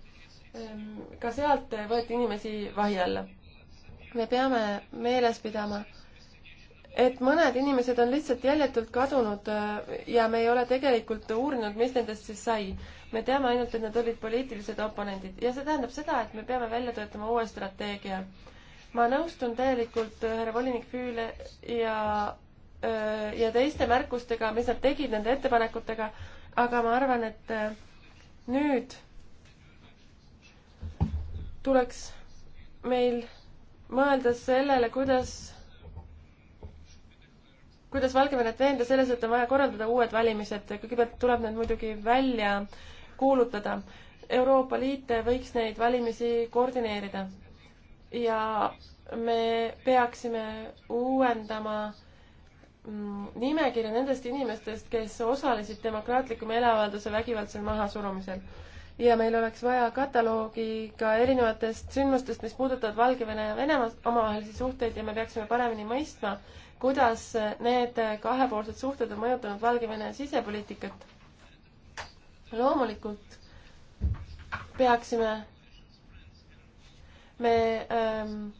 ka sealt võeti inimesi vahi alla. me peame meeles pidama, et mõned inimesed on lihtsalt jäljetult kadunud ja me ei ole tegelikult uurinud, mis nendest siis sai me teame ainult, et nad olid poliitilised oponendid ja see tähendab seda, et me peame välja töötama uue strateegia. ma nõustun täielikult äh, härra volinik Füüle ja, äh, ja teiste märkustega, mis nad tegid, nende ettepanekutega, aga ma arvan, et äh, nüüd tuleks meil mõelda sellele, kuidas kuidas Valgevenet veenda selles, et on vaja korraldada uued valimised, kõigepealt tuleb need muidugi välja kuulutada. Euroopa Liit võiks neid valimisi koordineerida. ja me peaksime uuendama mm, nimekirja nendest inimestest, kes osalesid demokraatliku meeleavalduse vägivaldsel mahasurumisel. ja meil oleks vaja kataloogi ka erinevatest sündmustest, mis puudutavad Valgevene ja Venemaa omavahelisi suhteid ja me peaksime paremini mõistma, kuidas need kahepoolsed suhted on mõjutanud Valgevene sisepoliitikat loomulikult peaksime me ähm,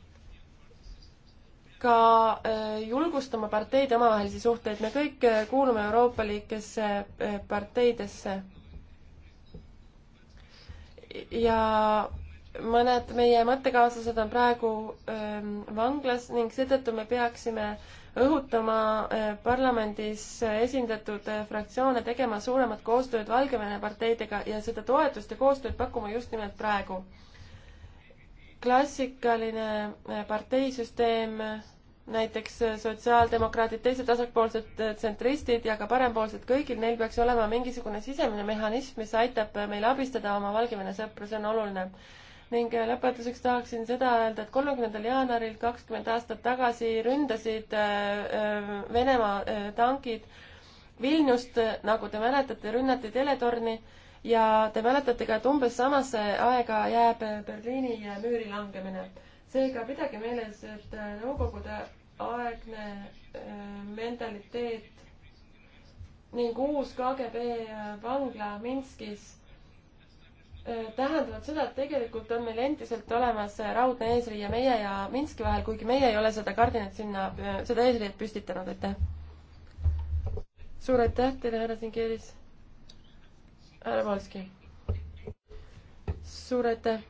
ka äh, julgustama parteide omavahelisi suhteid, me kõik äh, kuulume Euroopa liikesse äh, parteidesse. ja mõned meie mõttekaaslased on praegu ähm, vanglas ning seetõttu me peaksime õhutama äh, parlamendis äh, esindatud äh, fraktsioone tegema suuremat koostööd Valgevene parteidega ja seda toetust ja koostööd pakkuma just nimelt praegu. klassikaline parteisüsteem, näiteks sotsiaaldemokraadid, teised vasakpoolsed tsentristid ja ka parempoolsed, kõigil neil peaks olema mingisugune sisemine mehhanism, mis aitab meil abistada oma Valgevene sõpru, see on oluline ning lõpetuseks tahaksin seda öelda, et kolmekümnendal jaanuaril kakskümmend aastat tagasi ründasid äh, äh, Venemaa äh, tankid Vilniust, nagu te mäletate, rünnati teletorni ja te mäletate ka, et umbes samasse aega jääb Berliini müüri langemine. seega pidage meeles, et nõukogude aegne mentaliteet ning uus KGB vangla Minskis Äh, tähendavad seda, et tegelikult on meil endiselt olemas äh, raudne eesriie meie ja Minski vahel, kuigi meie ei ole seda kardinat sinna, äh, seda eesriiet püstitanud, aitäh. suur aitäh teile, härra Singeris. härra Polski. suur aitäh.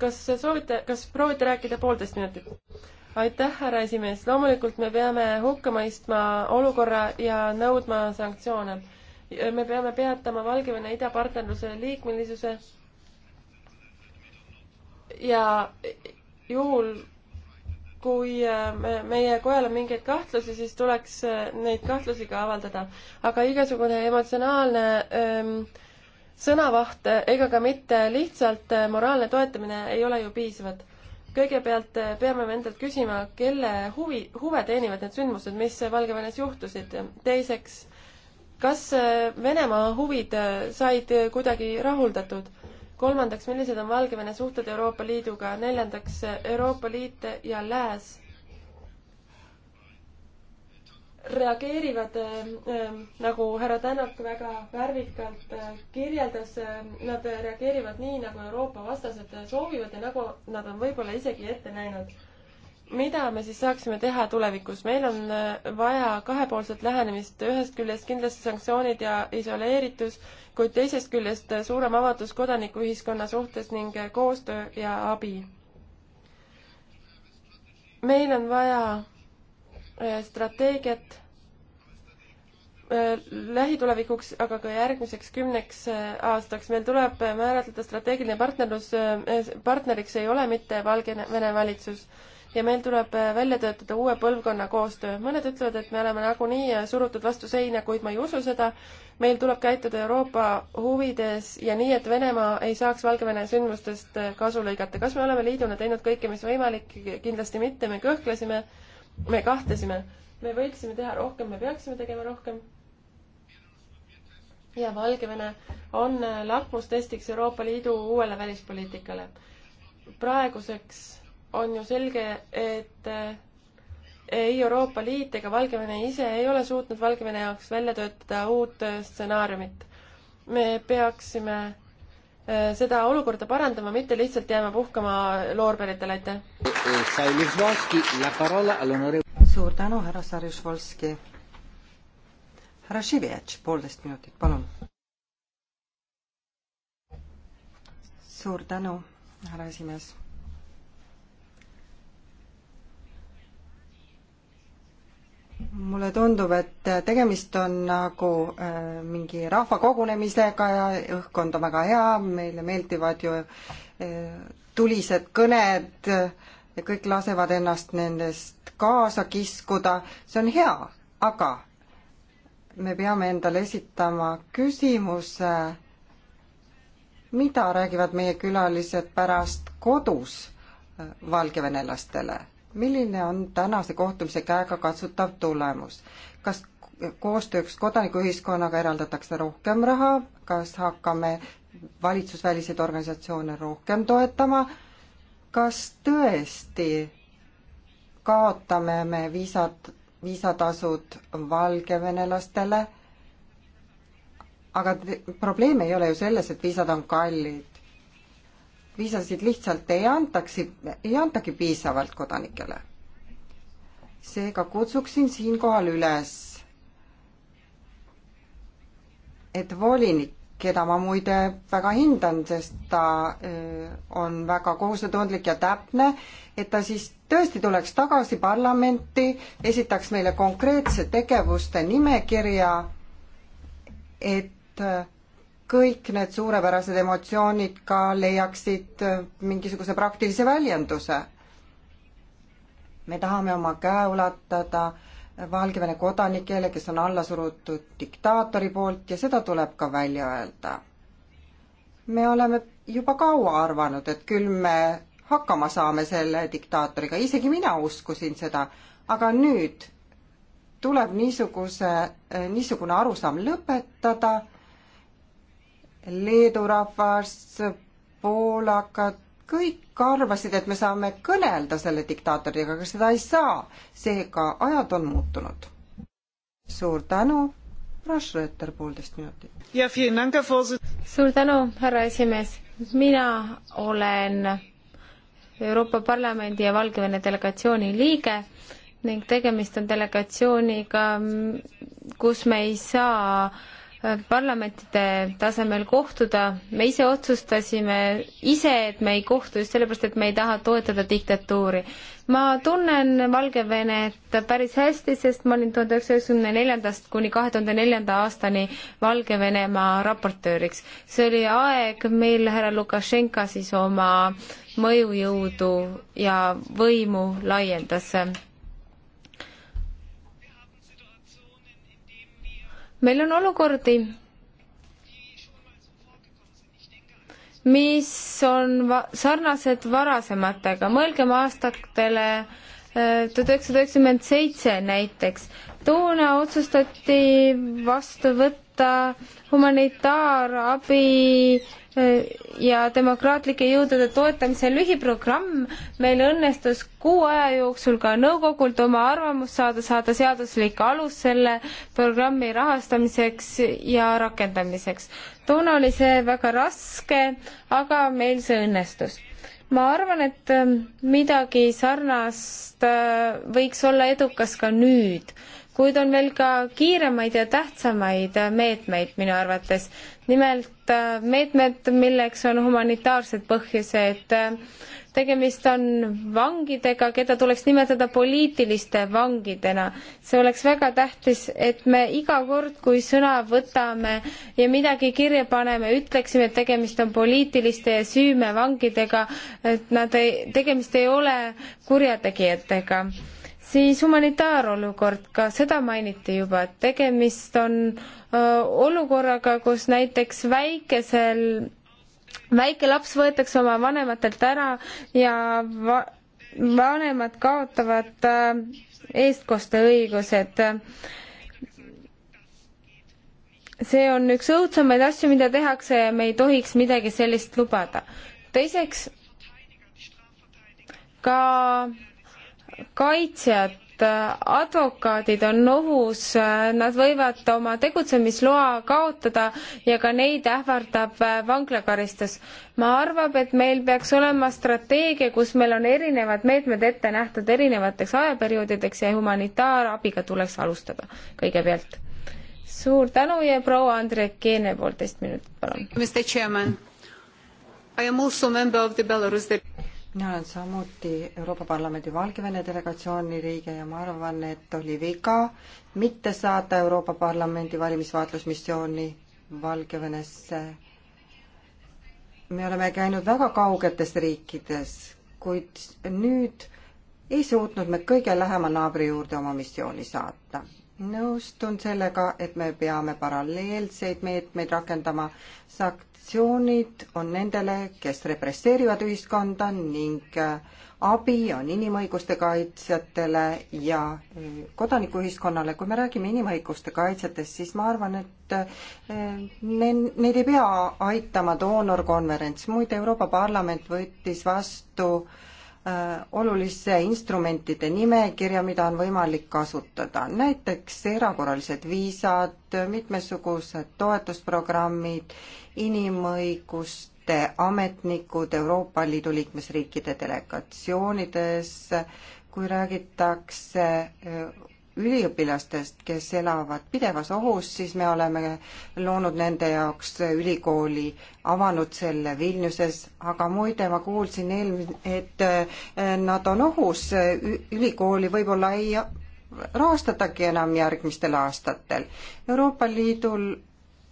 kas soovite, kas proovite rääkida poolteist minutit? aitäh, härra esimees. loomulikult me peame hukka mõistma olukorra ja nõudma sanktsioone me peame peatama Valgevene idapartnerluse liikmelisuse ja juhul, kui äh, meie kojal on mingeid kahtlusi, siis tuleks äh, neid kahtlusi ka avaldada. aga igasugune emotsionaalne ähm, sõnavaht äh, ega ka mitte lihtsalt moraalne toetamine ei ole ju piisavad. kõigepealt peame me endalt küsima, kelle huvi, huve teenivad need sündmused, mis Valgevenes juhtusid. teiseks kas äh, Venemaa huvid äh, said äh, kuidagi rahuldatud? kolmandaks, millised on Valgevene suhted Euroopa Liiduga? neljandaks, Euroopa Liit ja Lääs reageerivad äh,, nagu härra Tänak väga värvikalt äh, kirjeldas äh,, nad reageerivad nii, nagu Euroopa vastased soovivad ja nagu nad on võib-olla isegi ette näinud mida me siis saaksime teha tulevikus? meil on äh, vaja kahepoolset lähenemist, ühest küljest kindlasti sanktsioonid ja isoleeritus, kuid teisest küljest äh, suurem avatus kodanikuühiskonna suhtes ning äh, koostöö ja abi. meil on vaja strateegiat lähitulevikuks, aga ka järgmiseks kümneks aastaks meil tuleb määratleda strateegiline partnerlus, partneriks ei ole mitte Valgevene valitsus ja meil tuleb äh, välja töötada uue põlvkonna koostöö. mõned ütlevad, et me oleme nagunii äh, surutud vastu seina, kuid ma ei usu seda. meil tuleb käituda Euroopa huvides ja nii, et Venemaa ei saaks Valgevene sündmustest äh, kasu lõigata. kas me oleme liiduna teinud kõike, mis võimalik? kindlasti mitte, me kõhklesime, me kahtlesime. me võiksime teha rohkem, me peaksime tegema rohkem ja Valgevene on lakmustestiks Euroopa Liidu uuele välispoliitikale. praeguseks on ju selge, et eh, ei Euroopa Liit ega Valgevene ise ei ole suutnud Valgevene jaoks välja töötada uut eh, stsenaariumit. me peaksime eh, seda olukorda parandama, mitte lihtsalt jääma puhkama loorberitele, aitäh. suur tänu, härra Sarjušvolski. härra Šivetš, poolteist minutit, palun. suur tänu, härra esimees mulle tundub, et tegemist on nagu äh, mingi rahvakogunemisega ja õhkkond on väga hea, meile meeldivad ju äh, tulised kõned ja kõik lasevad ennast nendest kaasa kiskuda, see on hea, aga me peame endale esitama küsimuse, mida räägivad meie külalised pärast kodus äh, valgevenelastele milline on tänase kohtumise käegakatsutav tulemus? kas koostööks kodanikuühiskonnaga eraldatakse rohkem raha, kas hakkame valitsusväliseid organisatsioone rohkem toetama, kas tõesti kaotame me viisad, viisatasud valgevenelastele, aga probleem ei ole ju selles, et viisad on kallid viisasid lihtsalt ei antaksi, ei antagi piisavalt kodanikele. seega kutsuksin siinkohal üles, et volinik, keda ma muide väga hindan, sest ta on väga kohusetundlik ja täpne, et ta siis tõesti tuleks tagasi parlamenti, esitaks meile konkreetse tegevuste nimekirja, et kõik need suurepärased emotsioonid ka leiaksid mingisuguse praktilise väljenduse. me tahame oma käe ulatada Valgevene kodanikele, kes on alla surutud diktaatori poolt ja seda tuleb ka välja öelda. me oleme juba kaua arvanud, et küll me hakkama saame selle diktaatoriga, isegi mina uskusin seda, aga nüüd tuleb niisuguse, niisugune arusaam lõpetada Leedu rahvas, poolakad, kõik arvasid, et me saame kõnelda selle diktaatoriga, aga seda ei saa. seega ajad on muutunud. suur tänu, Rašrööter, poolteist minutit. suur tänu, härra esimees. mina olen Euroopa Parlamendi ja Valgevene delegatsiooni liige ning tegemist on delegatsiooniga, kus me ei saa parlamentide tasemel kohtuda. me ise otsustasime ise, et me ei kohtu just sellepärast, et me ei taha toetada diktatuuri. ma tunnen Valgevenet päris hästi, sest ma olin tuhande üheksasaja üheksakümne neljandast kuni kahe tuhande neljanda aastani Valgevenemaa raportööriks. see oli aeg, mil härra Lukašenka siis oma mõjujõudu ja võimu laiendas meil on olukordi, mis on va sarnased varasematega, mõelgem aastatele äh, tuhat üheksasada üheksakümmend seitse näiteks. toona otsustati vastu võtta humanitaarabi ja demokraatlike jõudude toetamise lühiprogramm. meil õnnestus kuu aja jooksul ka nõukogult oma arvamust saada, saada seaduslik alus selle programmi rahastamiseks ja rakendamiseks. toona oli see väga raske, aga meil see õnnestus ma arvan, et ähm, midagi sarnast äh, võiks olla edukas ka nüüd kuid on veel ka kiiremaid ja tähtsamaid meetmeid minu arvates. nimelt äh, meetmed, milleks on humanitaarsed põhjused. tegemist on vangidega, keda tuleks nimetada poliitiliste vangidena. see oleks väga tähtis, et me iga kord, kui sõna võtame ja midagi kirja paneme, ütleksime, et tegemist on poliitiliste ja süümevangidega, et nad ei, tegemist ei ole kurjategijatega siis humanitaarolukord, ka seda mainiti juba, et tegemist on öö, olukorraga, kus näiteks väikesel, väike laps võetakse oma vanematelt ära ja va vanemad kaotavad äh, eestkosteõigused. see on üks õudsemaid asju, mida tehakse ja me ei tohiks midagi sellist lubada. teiseks, ka kaitsjat, advokaadid on ohus, nad võivad oma tegutsemisloa kaotada ja ka neid ähvardab äh, vanglakaristus. ma arvan, et meil peaks olema strateegia, kus meil on erinevad meetmed ette nähtud erinevateks ajaperioodideks ja humanitaarabiga tuleks alustada kõigepealt. suur tänu ja proua Andrek Keene poolteist minutit, palun. Mr Chairman, I am also member of the Belarus mina olen samuti Euroopa Parlamendi Valgevene delegatsiooni liige ja ma arvan, et oli viga mitte saata Euroopa Parlamendi valimisvaatlusmissiooni Valgevenesse. me oleme käinud väga kaugetes riikides, kuid nüüd ei suutnud me kõige lähema naabri juurde oma missiooni saata nõustun sellega, et me peame paralleelseid meetmeid rakendama. sanktsioonid on nendele, kes represseerivad ühiskonda ning äh, abi on inimõiguste kaitsjatele ja äh, kodanikuühiskonnale. kui me räägime inimõiguste kaitsjatest, siis ma arvan, et äh, neid ei pea aitama doonorkonverents. muide, Euroopa Parlament võttis vastu Äh, olulisse instrumentide nimekirja, mida on võimalik kasutada, näiteks erakorralised viisad, mitmesugused toetusprogrammid, inimõiguste ametnikud Euroopa Liidu liikmesriikide delegatsioonides, kui räägitakse äh, üliõpilastest, kes elavad pidevas ohus, siis me oleme loonud nende jaoks ülikooli, avanud selle Vilniuses, aga muide ma kuulsin eelm-, et äh, nad on ohus, ülikooli võib-olla ei rahastatagi enam järgmistel aastatel. Euroopa Liidul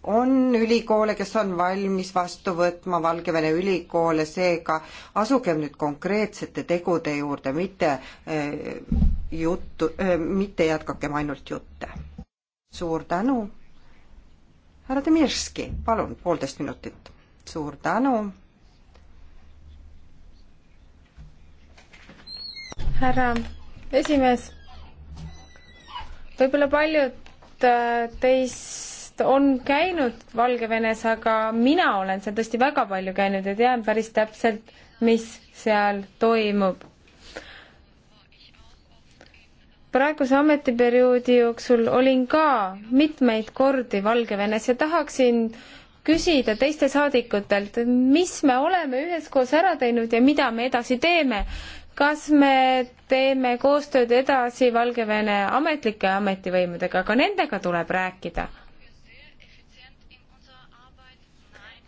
on ülikoole, kes on valmis vastu võtma Valgevene ülikoole, seega asugem nüüd konkreetsete tegude juurde, mitte äh, juttu äh,, mitte jätkakem ainult jutte. suur tänu. härra Demirski, palun, poolteist minutit. suur tänu. härra esimees, võib-olla paljud äh, teist eest on käinud Valgevenes, aga mina olen seal tõesti väga palju käinud ja tean päris täpselt, mis seal toimub. praeguse ametiperioodi jooksul olin ka mitmeid kordi Valgevenes ja tahaksin küsida teiste saadikutelt, mis me oleme üheskoos ära teinud ja mida me edasi teeme. kas me teeme koostööd edasi Valgevene ametlike ametivõimudega, ka nendega tuleb rääkida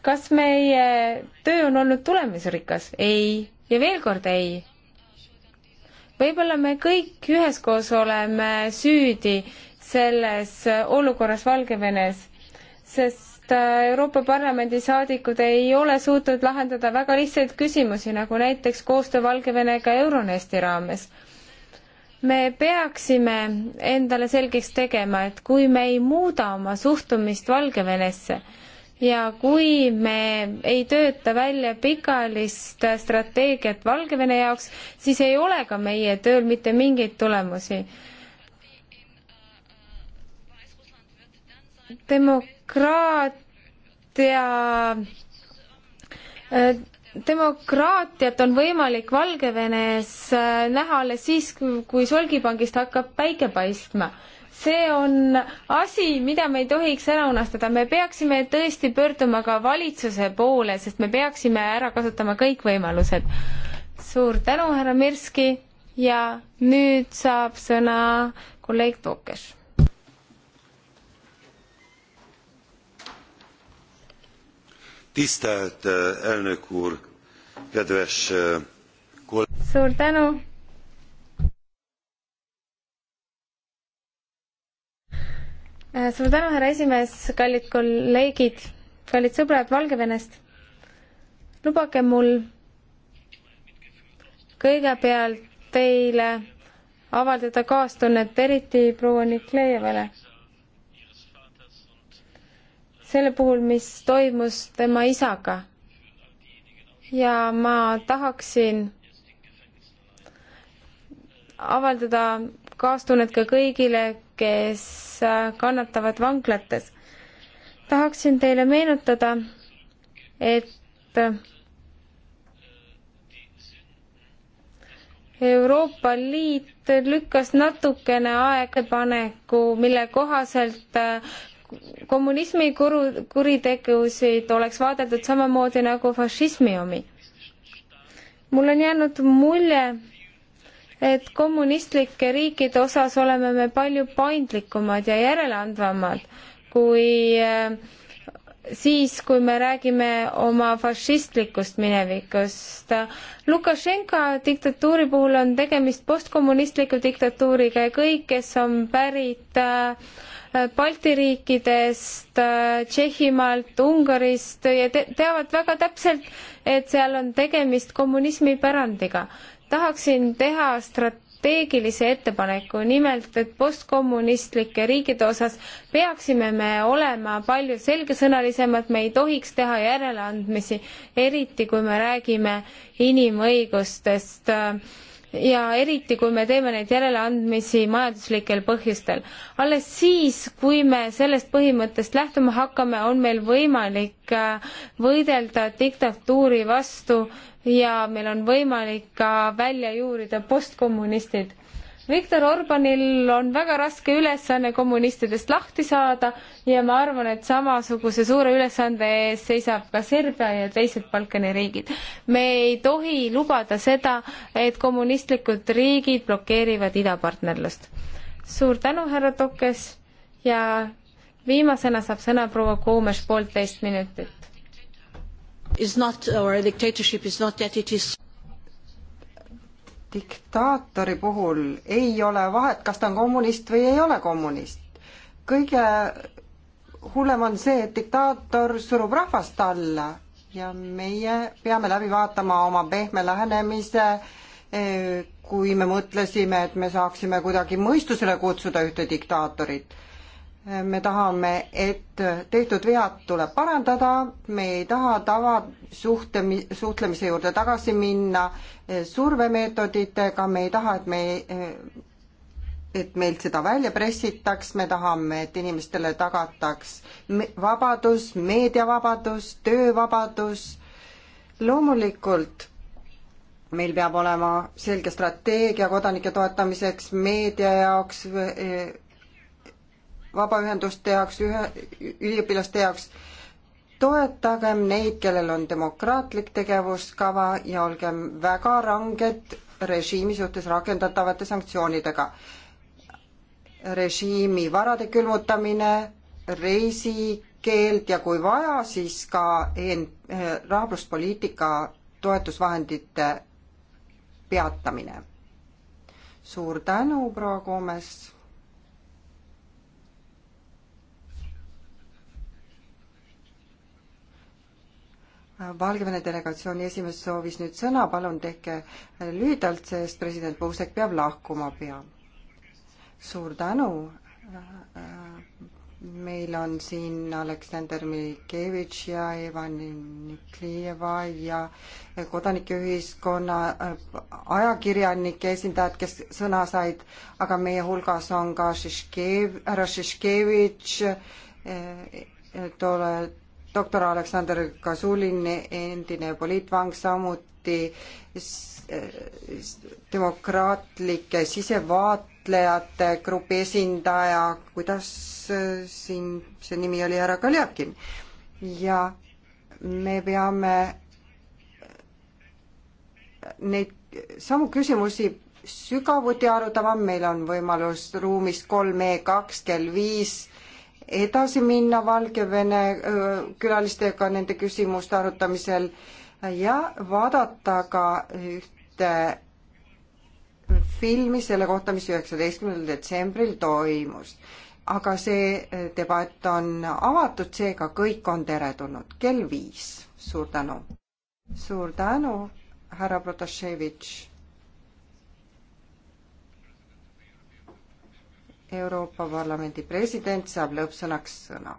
kas meie töö on olnud tulemusrikas? ei ja veel kord ei. võib-olla me kõik üheskoos oleme süüdi selles olukorras Valgevenes, sest äh, Euroopa Parlamendi saadikud ei ole suutnud lahendada väga lihtsaid küsimusi, nagu näiteks koostöö Valgevenega Euronesti raames. me peaksime endale selgeks tegema, et kui me ei muuda oma suhtumist Valgevenesse, ja kui me ei tööta välja pikaajalist strateegiat Valgevene jaoks, siis ei ole ka meie tööl mitte mingeid tulemusi. demokraatia äh, demokraatiat on võimalik Valgevenes äh, näha alles siis, kui solgipangist hakkab päike paistma see on asi, mida me ei tohiks ära unustada, me peaksime tõesti pöörduma ka valitsuse poole, sest me peaksime ära kasutama kõik võimalused. suur tänu, härra Mirski ja nüüd saab sõna kolleeg Tokes. tisztelt eh, elnök úr, kedves eh, koll-. suur tänu Äh, suur tänu, härra esimees, kallid kolleegid, kallid sõbrad Valgevenest. lubage mul kõigepealt teile avaldada kaastunnet, eriti proua Niklejevale. selle puhul, mis toimus tema isaga. ja ma tahaksin avaldada kaastunnet ka kõigile kes äh, kannatavad vanglates. tahaksin teile meenutada, et Euroopa Liit lükkas natukene aegpaneku, mille kohaselt äh, kommunismi kuru, kuritegusid oleks vaadeldud samamoodi nagu fašismi omi. mul on jäänud mulje, et kommunistlike riikide osas oleme me palju paindlikumad ja järeleandvamad kui äh, siis, kui me räägime oma fašistlikust minevikust. Lukašenka diktatuuri puhul on tegemist postkommunistliku diktatuuriga ja kõik, kes on pärit äh, Balti riikidest, äh, Tšehhimaalt, Ungarist ja te teavad väga täpselt, et seal on tegemist kommunismi pärandiga tahaksin teha strateegilise ettepaneku, nimelt et postkommunistlike riikide osas peaksime me olema palju selgesõnalisemad, me ei tohiks teha järeleandmisi, eriti kui me räägime inimõigustest äh, ja eriti, kui me teeme neid järeleandmisi majanduslikel põhjustel. alles siis, kui me sellest põhimõttest lähtuma hakkame, on meil võimalik äh, võidelda diktatuuri vastu ja meil on võimalik ka välja juurida postkommunistid. Viktor Orbanil on väga raske ülesanne kommunistidest lahti saada ja ma arvan, et samasuguse suure ülesande ees seisab ka Serbia ja teised Balkani riigid. me ei tohi lubada seda, et kommunistlikud riigid blokeerivad idapartnerlust. suur tänu, härra Tokes ja viimasena saab sõna proua Koomes poolteist minutit. Is not our dictatorship is not yet it is diktaatori puhul ei ole vahet, kas ta on kommunist või ei ole kommunist. kõige hullem on see, et diktaator surub rahvast alla ja meie peame läbi vaatama oma pehme lähenemise, eh, kui me mõtlesime, et me saaksime kuidagi mõistusele kutsuda ühte diktaatorit me tahame, et tehtud vead tuleb parandada, me ei taha tavasuhte, suhtlemise juurde tagasi minna eh, survemeetoditega, me ei taha, et me eh, et meilt seda välja pressitaks, me tahame, et inimestele tagataks vabadus, meediavabadus, töövabadus. loomulikult meil peab olema selge strateegia kodanike toetamiseks, meedia jaoks eh, vabaühenduste jaoks, ühe, üliõpilaste jaoks. toetagem neid, kellel on demokraatlik tegevuskava ja olgem väga ranged režiimi suhtes rakendatavate sanktsioonidega. režiimi varade külmutamine, reisikeeld ja kui vaja, siis ka EN-, rahapruspoliitika toetusvahendite peatamine. suur tänu, proua Koomes Valgevene delegatsiooni esimees soovis nüüd sõna, palun tehke lühidalt, sest president Puusek peab lahkuma pea. suur tänu. meil on siin Aleksander Milikevitš ja Ivan Niklijeva ja kodanikeühiskonna ajakirjanike esindajad, kes sõna said, aga meie hulgas on ka Šiškev, härra Šiškevitš, eh, tolle doktor Aleksander Kasulin, endine poliitvang, samuti demokraatlike sisevaatlejate grupi esindaja, kuidas siin see nimi oli, härra Kaljakin. ja me peame neid samu küsimusi sügavuti arutama, meil on võimalus ruumis kolm E kaks kell viis edasi minna Valgevene külalistega nende küsimuste arutamisel ja vaadata ka ühte filmi selle kohta, mis üheksateistkümnendal detsembril toimus. aga see debatt on avatud, seega kõik on teretulnud. kell viis, suur tänu. suur tänu, härra Protasevitš Euroopa Parlamendi president saab lõppsõnaks sõna.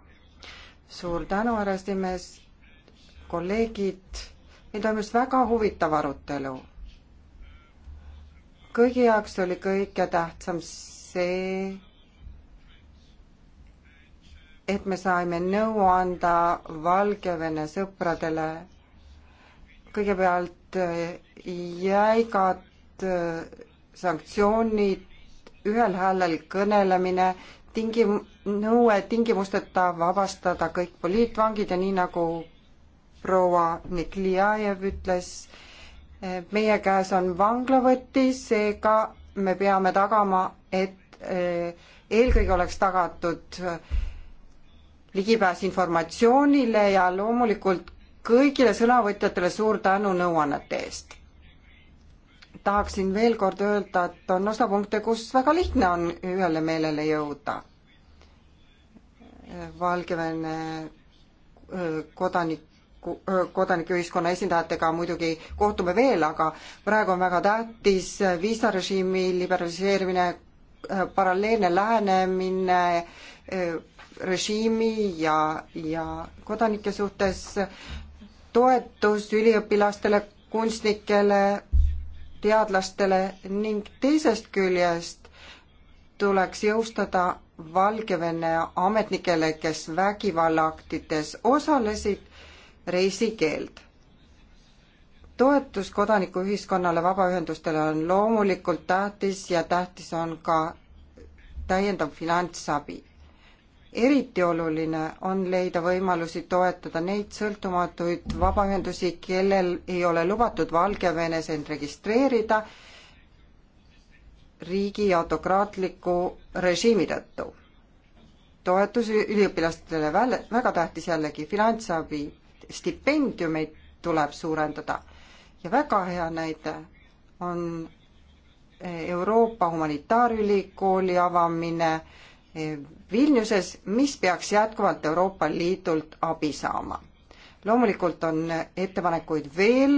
suur tänu, härra esimees, kolleegid, meil toimus väga huvitav arutelu. kõigi jaoks oli kõige tähtsam see, et me saime nõu anda Valgevene sõpradele kõigepealt äh, jäigad äh, sanktsioonid ühel häälel kõnelemine, tingi-, nõue tingimusteta vabastada kõik poliitvangid ja nii, nagu proua Niklajev ütles, meie käes on vanglavõti, seega me peame tagama, et eh, eelkõige oleks tagatud eh, ligipääs informatsioonile ja loomulikult kõigile sõnavõtjatele suur tänu nõuannete eest tahaksin veel kord öelda, et on osapunkte, kus väga lihtne on ühele meelele jõuda. Valgevene kodanik, kodanikeühiskonna esindajatega muidugi kohtume veel, aga praegu on väga tähtis viisarežiimi liberaliseerimine, paralleelne lähenemine režiimi ja, ja kodanike suhtes, toetus üliõpilastele, kunstnikele, teadlastele ning teisest küljest tuleks jõustada Valgevene ametnikele, kes vägivallaaktides osalesid, reisikeeld. toetus kodanikuühiskonnale, vabaühendustele on loomulikult tähtis ja tähtis on ka täiendav finantsabi eriti oluline on leida võimalusi toetada neid sõltumatuid vabaühendusi, kellel ei ole lubatud Valgevenes end registreerida riigi autokraatliku režiimi tõttu. toetus üliõpilastele väle, väga tähtis jällegi, finantsabi, stipendiumeid tuleb suurendada ja väga hea näide on Euroopa Humanitaarülikooli avamine äh, Vilniuses, mis peaks jätkuvalt Euroopa Liidult abi saama. loomulikult on ettepanekuid veel,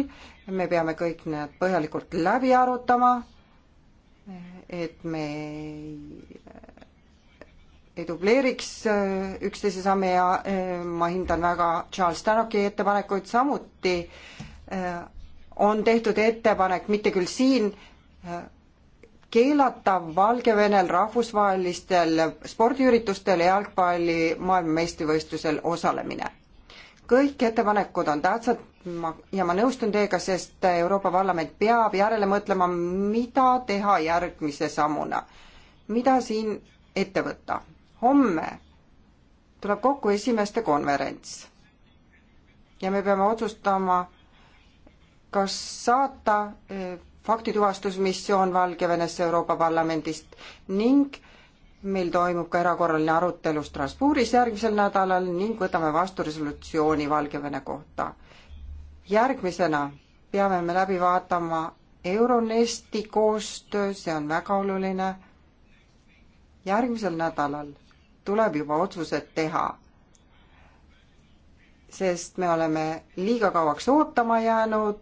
me peame kõik need põhjalikult läbi arutama, et me ei, ei dubleeriks äh, üksteise samme ja äh, ma hindan väga Charles Tanocki ettepanekuid, samuti äh, on tehtud ettepanek, mitte küll siin, keelata Valgevenel rahvusvahelistel spordiüritustel ja jalgpalli maailmameistrivõistlusel osalemine. kõik ettepanekud on tähtsad ma, ja ma nõustun teiega, sest Euroopa Parlament peab järele mõtlema, mida teha järgmise sammuna. mida siin ette võtta? homme tuleb kokku esimeste konverents ja me peame otsustama, kas saata eh, faktituvastusmissioon Valgevenesse Euroopa Parlamendist ning meil toimub ka erakorraline arutelu Strasbourgis järgmisel nädalal ning võtame vastu resolutsiooni Valgevene kohta. järgmisena peame me läbi vaatama Euronesti koostöö, see on väga oluline. järgmisel nädalal tuleb juba otsused teha. sest me oleme liiga kauaks ootama jäänud,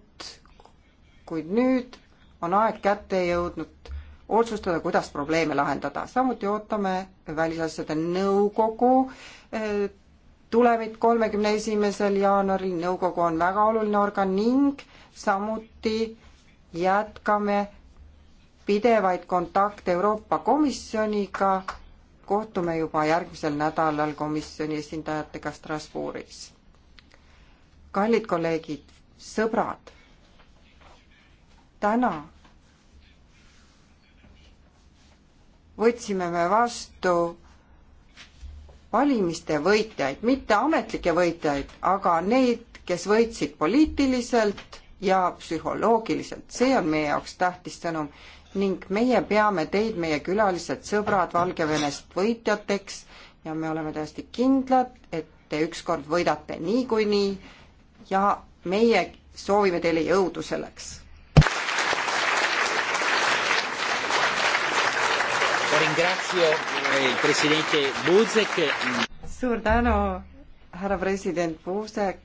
kuid nüüd on aeg kätte jõudnud otsustada, kuidas probleeme lahendada. samuti ootame Välisasjade Nõukogu eh, tulemit kolmekümne esimesel jaanuaril. nõukogu on väga oluline organ ning samuti jätkame pidevaid kontakte Euroopa Komisjoniga. kohtume juba järgmisel nädalal komisjoni esindajatega Strasbourgis. kallid kolleegid, sõbrad, täna võtsime me vastu valimiste võitjaid, mitte ametlikke võitjaid, aga neid, kes võitsid poliitiliselt ja psühholoogiliselt. see on meie jaoks tähtis sõnum ning meie peame teid, meie külalised, sõbrad Valgevenest võitjateks ja me oleme täiesti kindlad, et te ükskord võidate niikuinii ja meie soovime teile jõudu selleks ringrazio eh, presidente Buzek. suur tänu, härra president Buzek.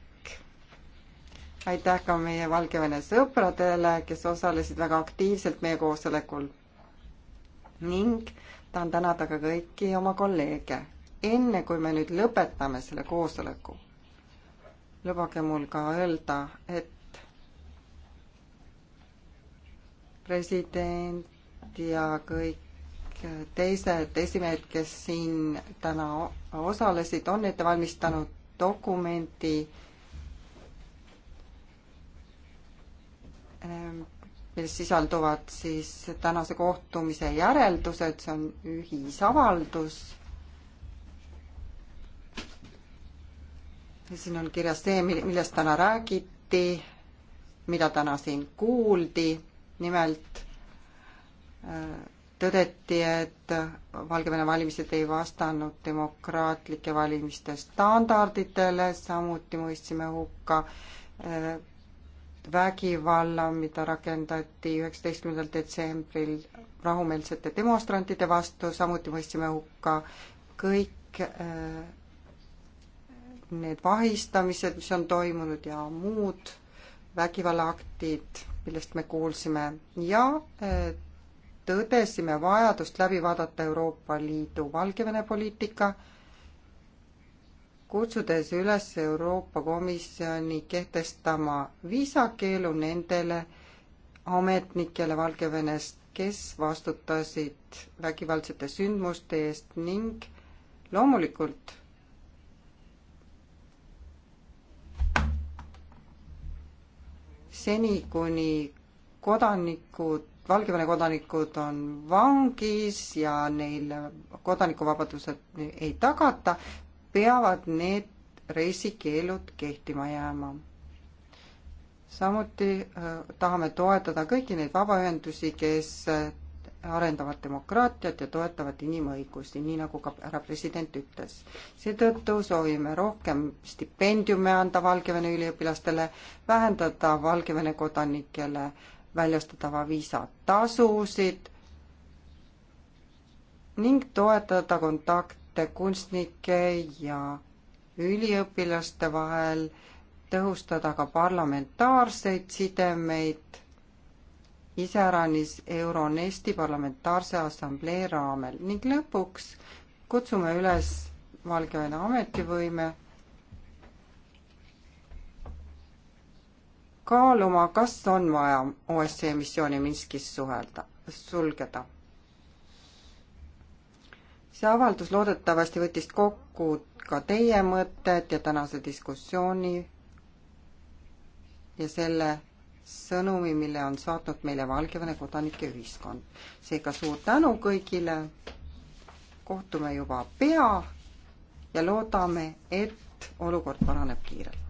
aitäh ka meie Valgevene sõpradele, kes osalesid väga aktiivselt meie koosolekul. ning tahan tänada ka kõiki oma kolleege. enne kui me nüüd lõpetame selle koosoleku, lubage mul ka öelda, et president ja kõik teised esimehed, kes siin täna osalesid, on ette valmistanud dokumendi, ehm, milles sisalduvad siis tänase kohtumise järeldused, see on ühisavaldus. siin on kirjas see, millest täna räägiti, mida täna siin kuuldi, nimelt äh, tõdeti, et Valgevene valimised ei vastanud demokraatlike valimiste standarditele, samuti mõistsime hukka eh, vägivalla, mida rakendati üheksateistkümnendal detsembril rahumeelsete demonstrantide vastu, samuti mõistsime hukka kõik eh, need vahistamised, mis on toimunud ja muud vägivallaaktid, millest me kuulsime ja eh, tõdesime vajadust läbi vaadata Euroopa Liidu Valgevene poliitika, kutsudes üles Euroopa Komisjoni kehtestama viisakeelu nendele ametnikele Valgevenest, kes vastutasid vägivaldsete sündmuste eest ning loomulikult seni, kuni kodanikud Valgevene kodanikud on vangis ja neil kodanikuvabadused ei tagata, peavad need reisikeelud kehtima jääma. samuti äh, tahame toetada kõiki neid vabaühendusi, kes äh, arendavad demokraatiat ja toetavad inimõigusi, nii nagu ka härra president ütles. seetõttu soovime rohkem stipendiume anda Valgevene üliõpilastele, vähendada Valgevene kodanikele äh, väljastatava viisa tasusid ning toetada kontakte kunstnike ja üliõpilaste vahel, tõhustada ka parlamentaarseid sidemeid iseäranis Euronesti Parlamentaarse Assamblee raamel ning lõpuks kutsume üles Valgevene ametivõime kaaluma, kas on vaja OSCE missiooni Minskis suhelda, sulgeda. see avaldus loodetavasti võttis kokku ka teie mõtted ja tänase diskussiooni ja selle sõnumi, mille on saatnud meile Valgevene kodanike ühiskond. seega suur tänu kõigile, kohtume juba pea ja loodame, et olukord paraneb kiirelt.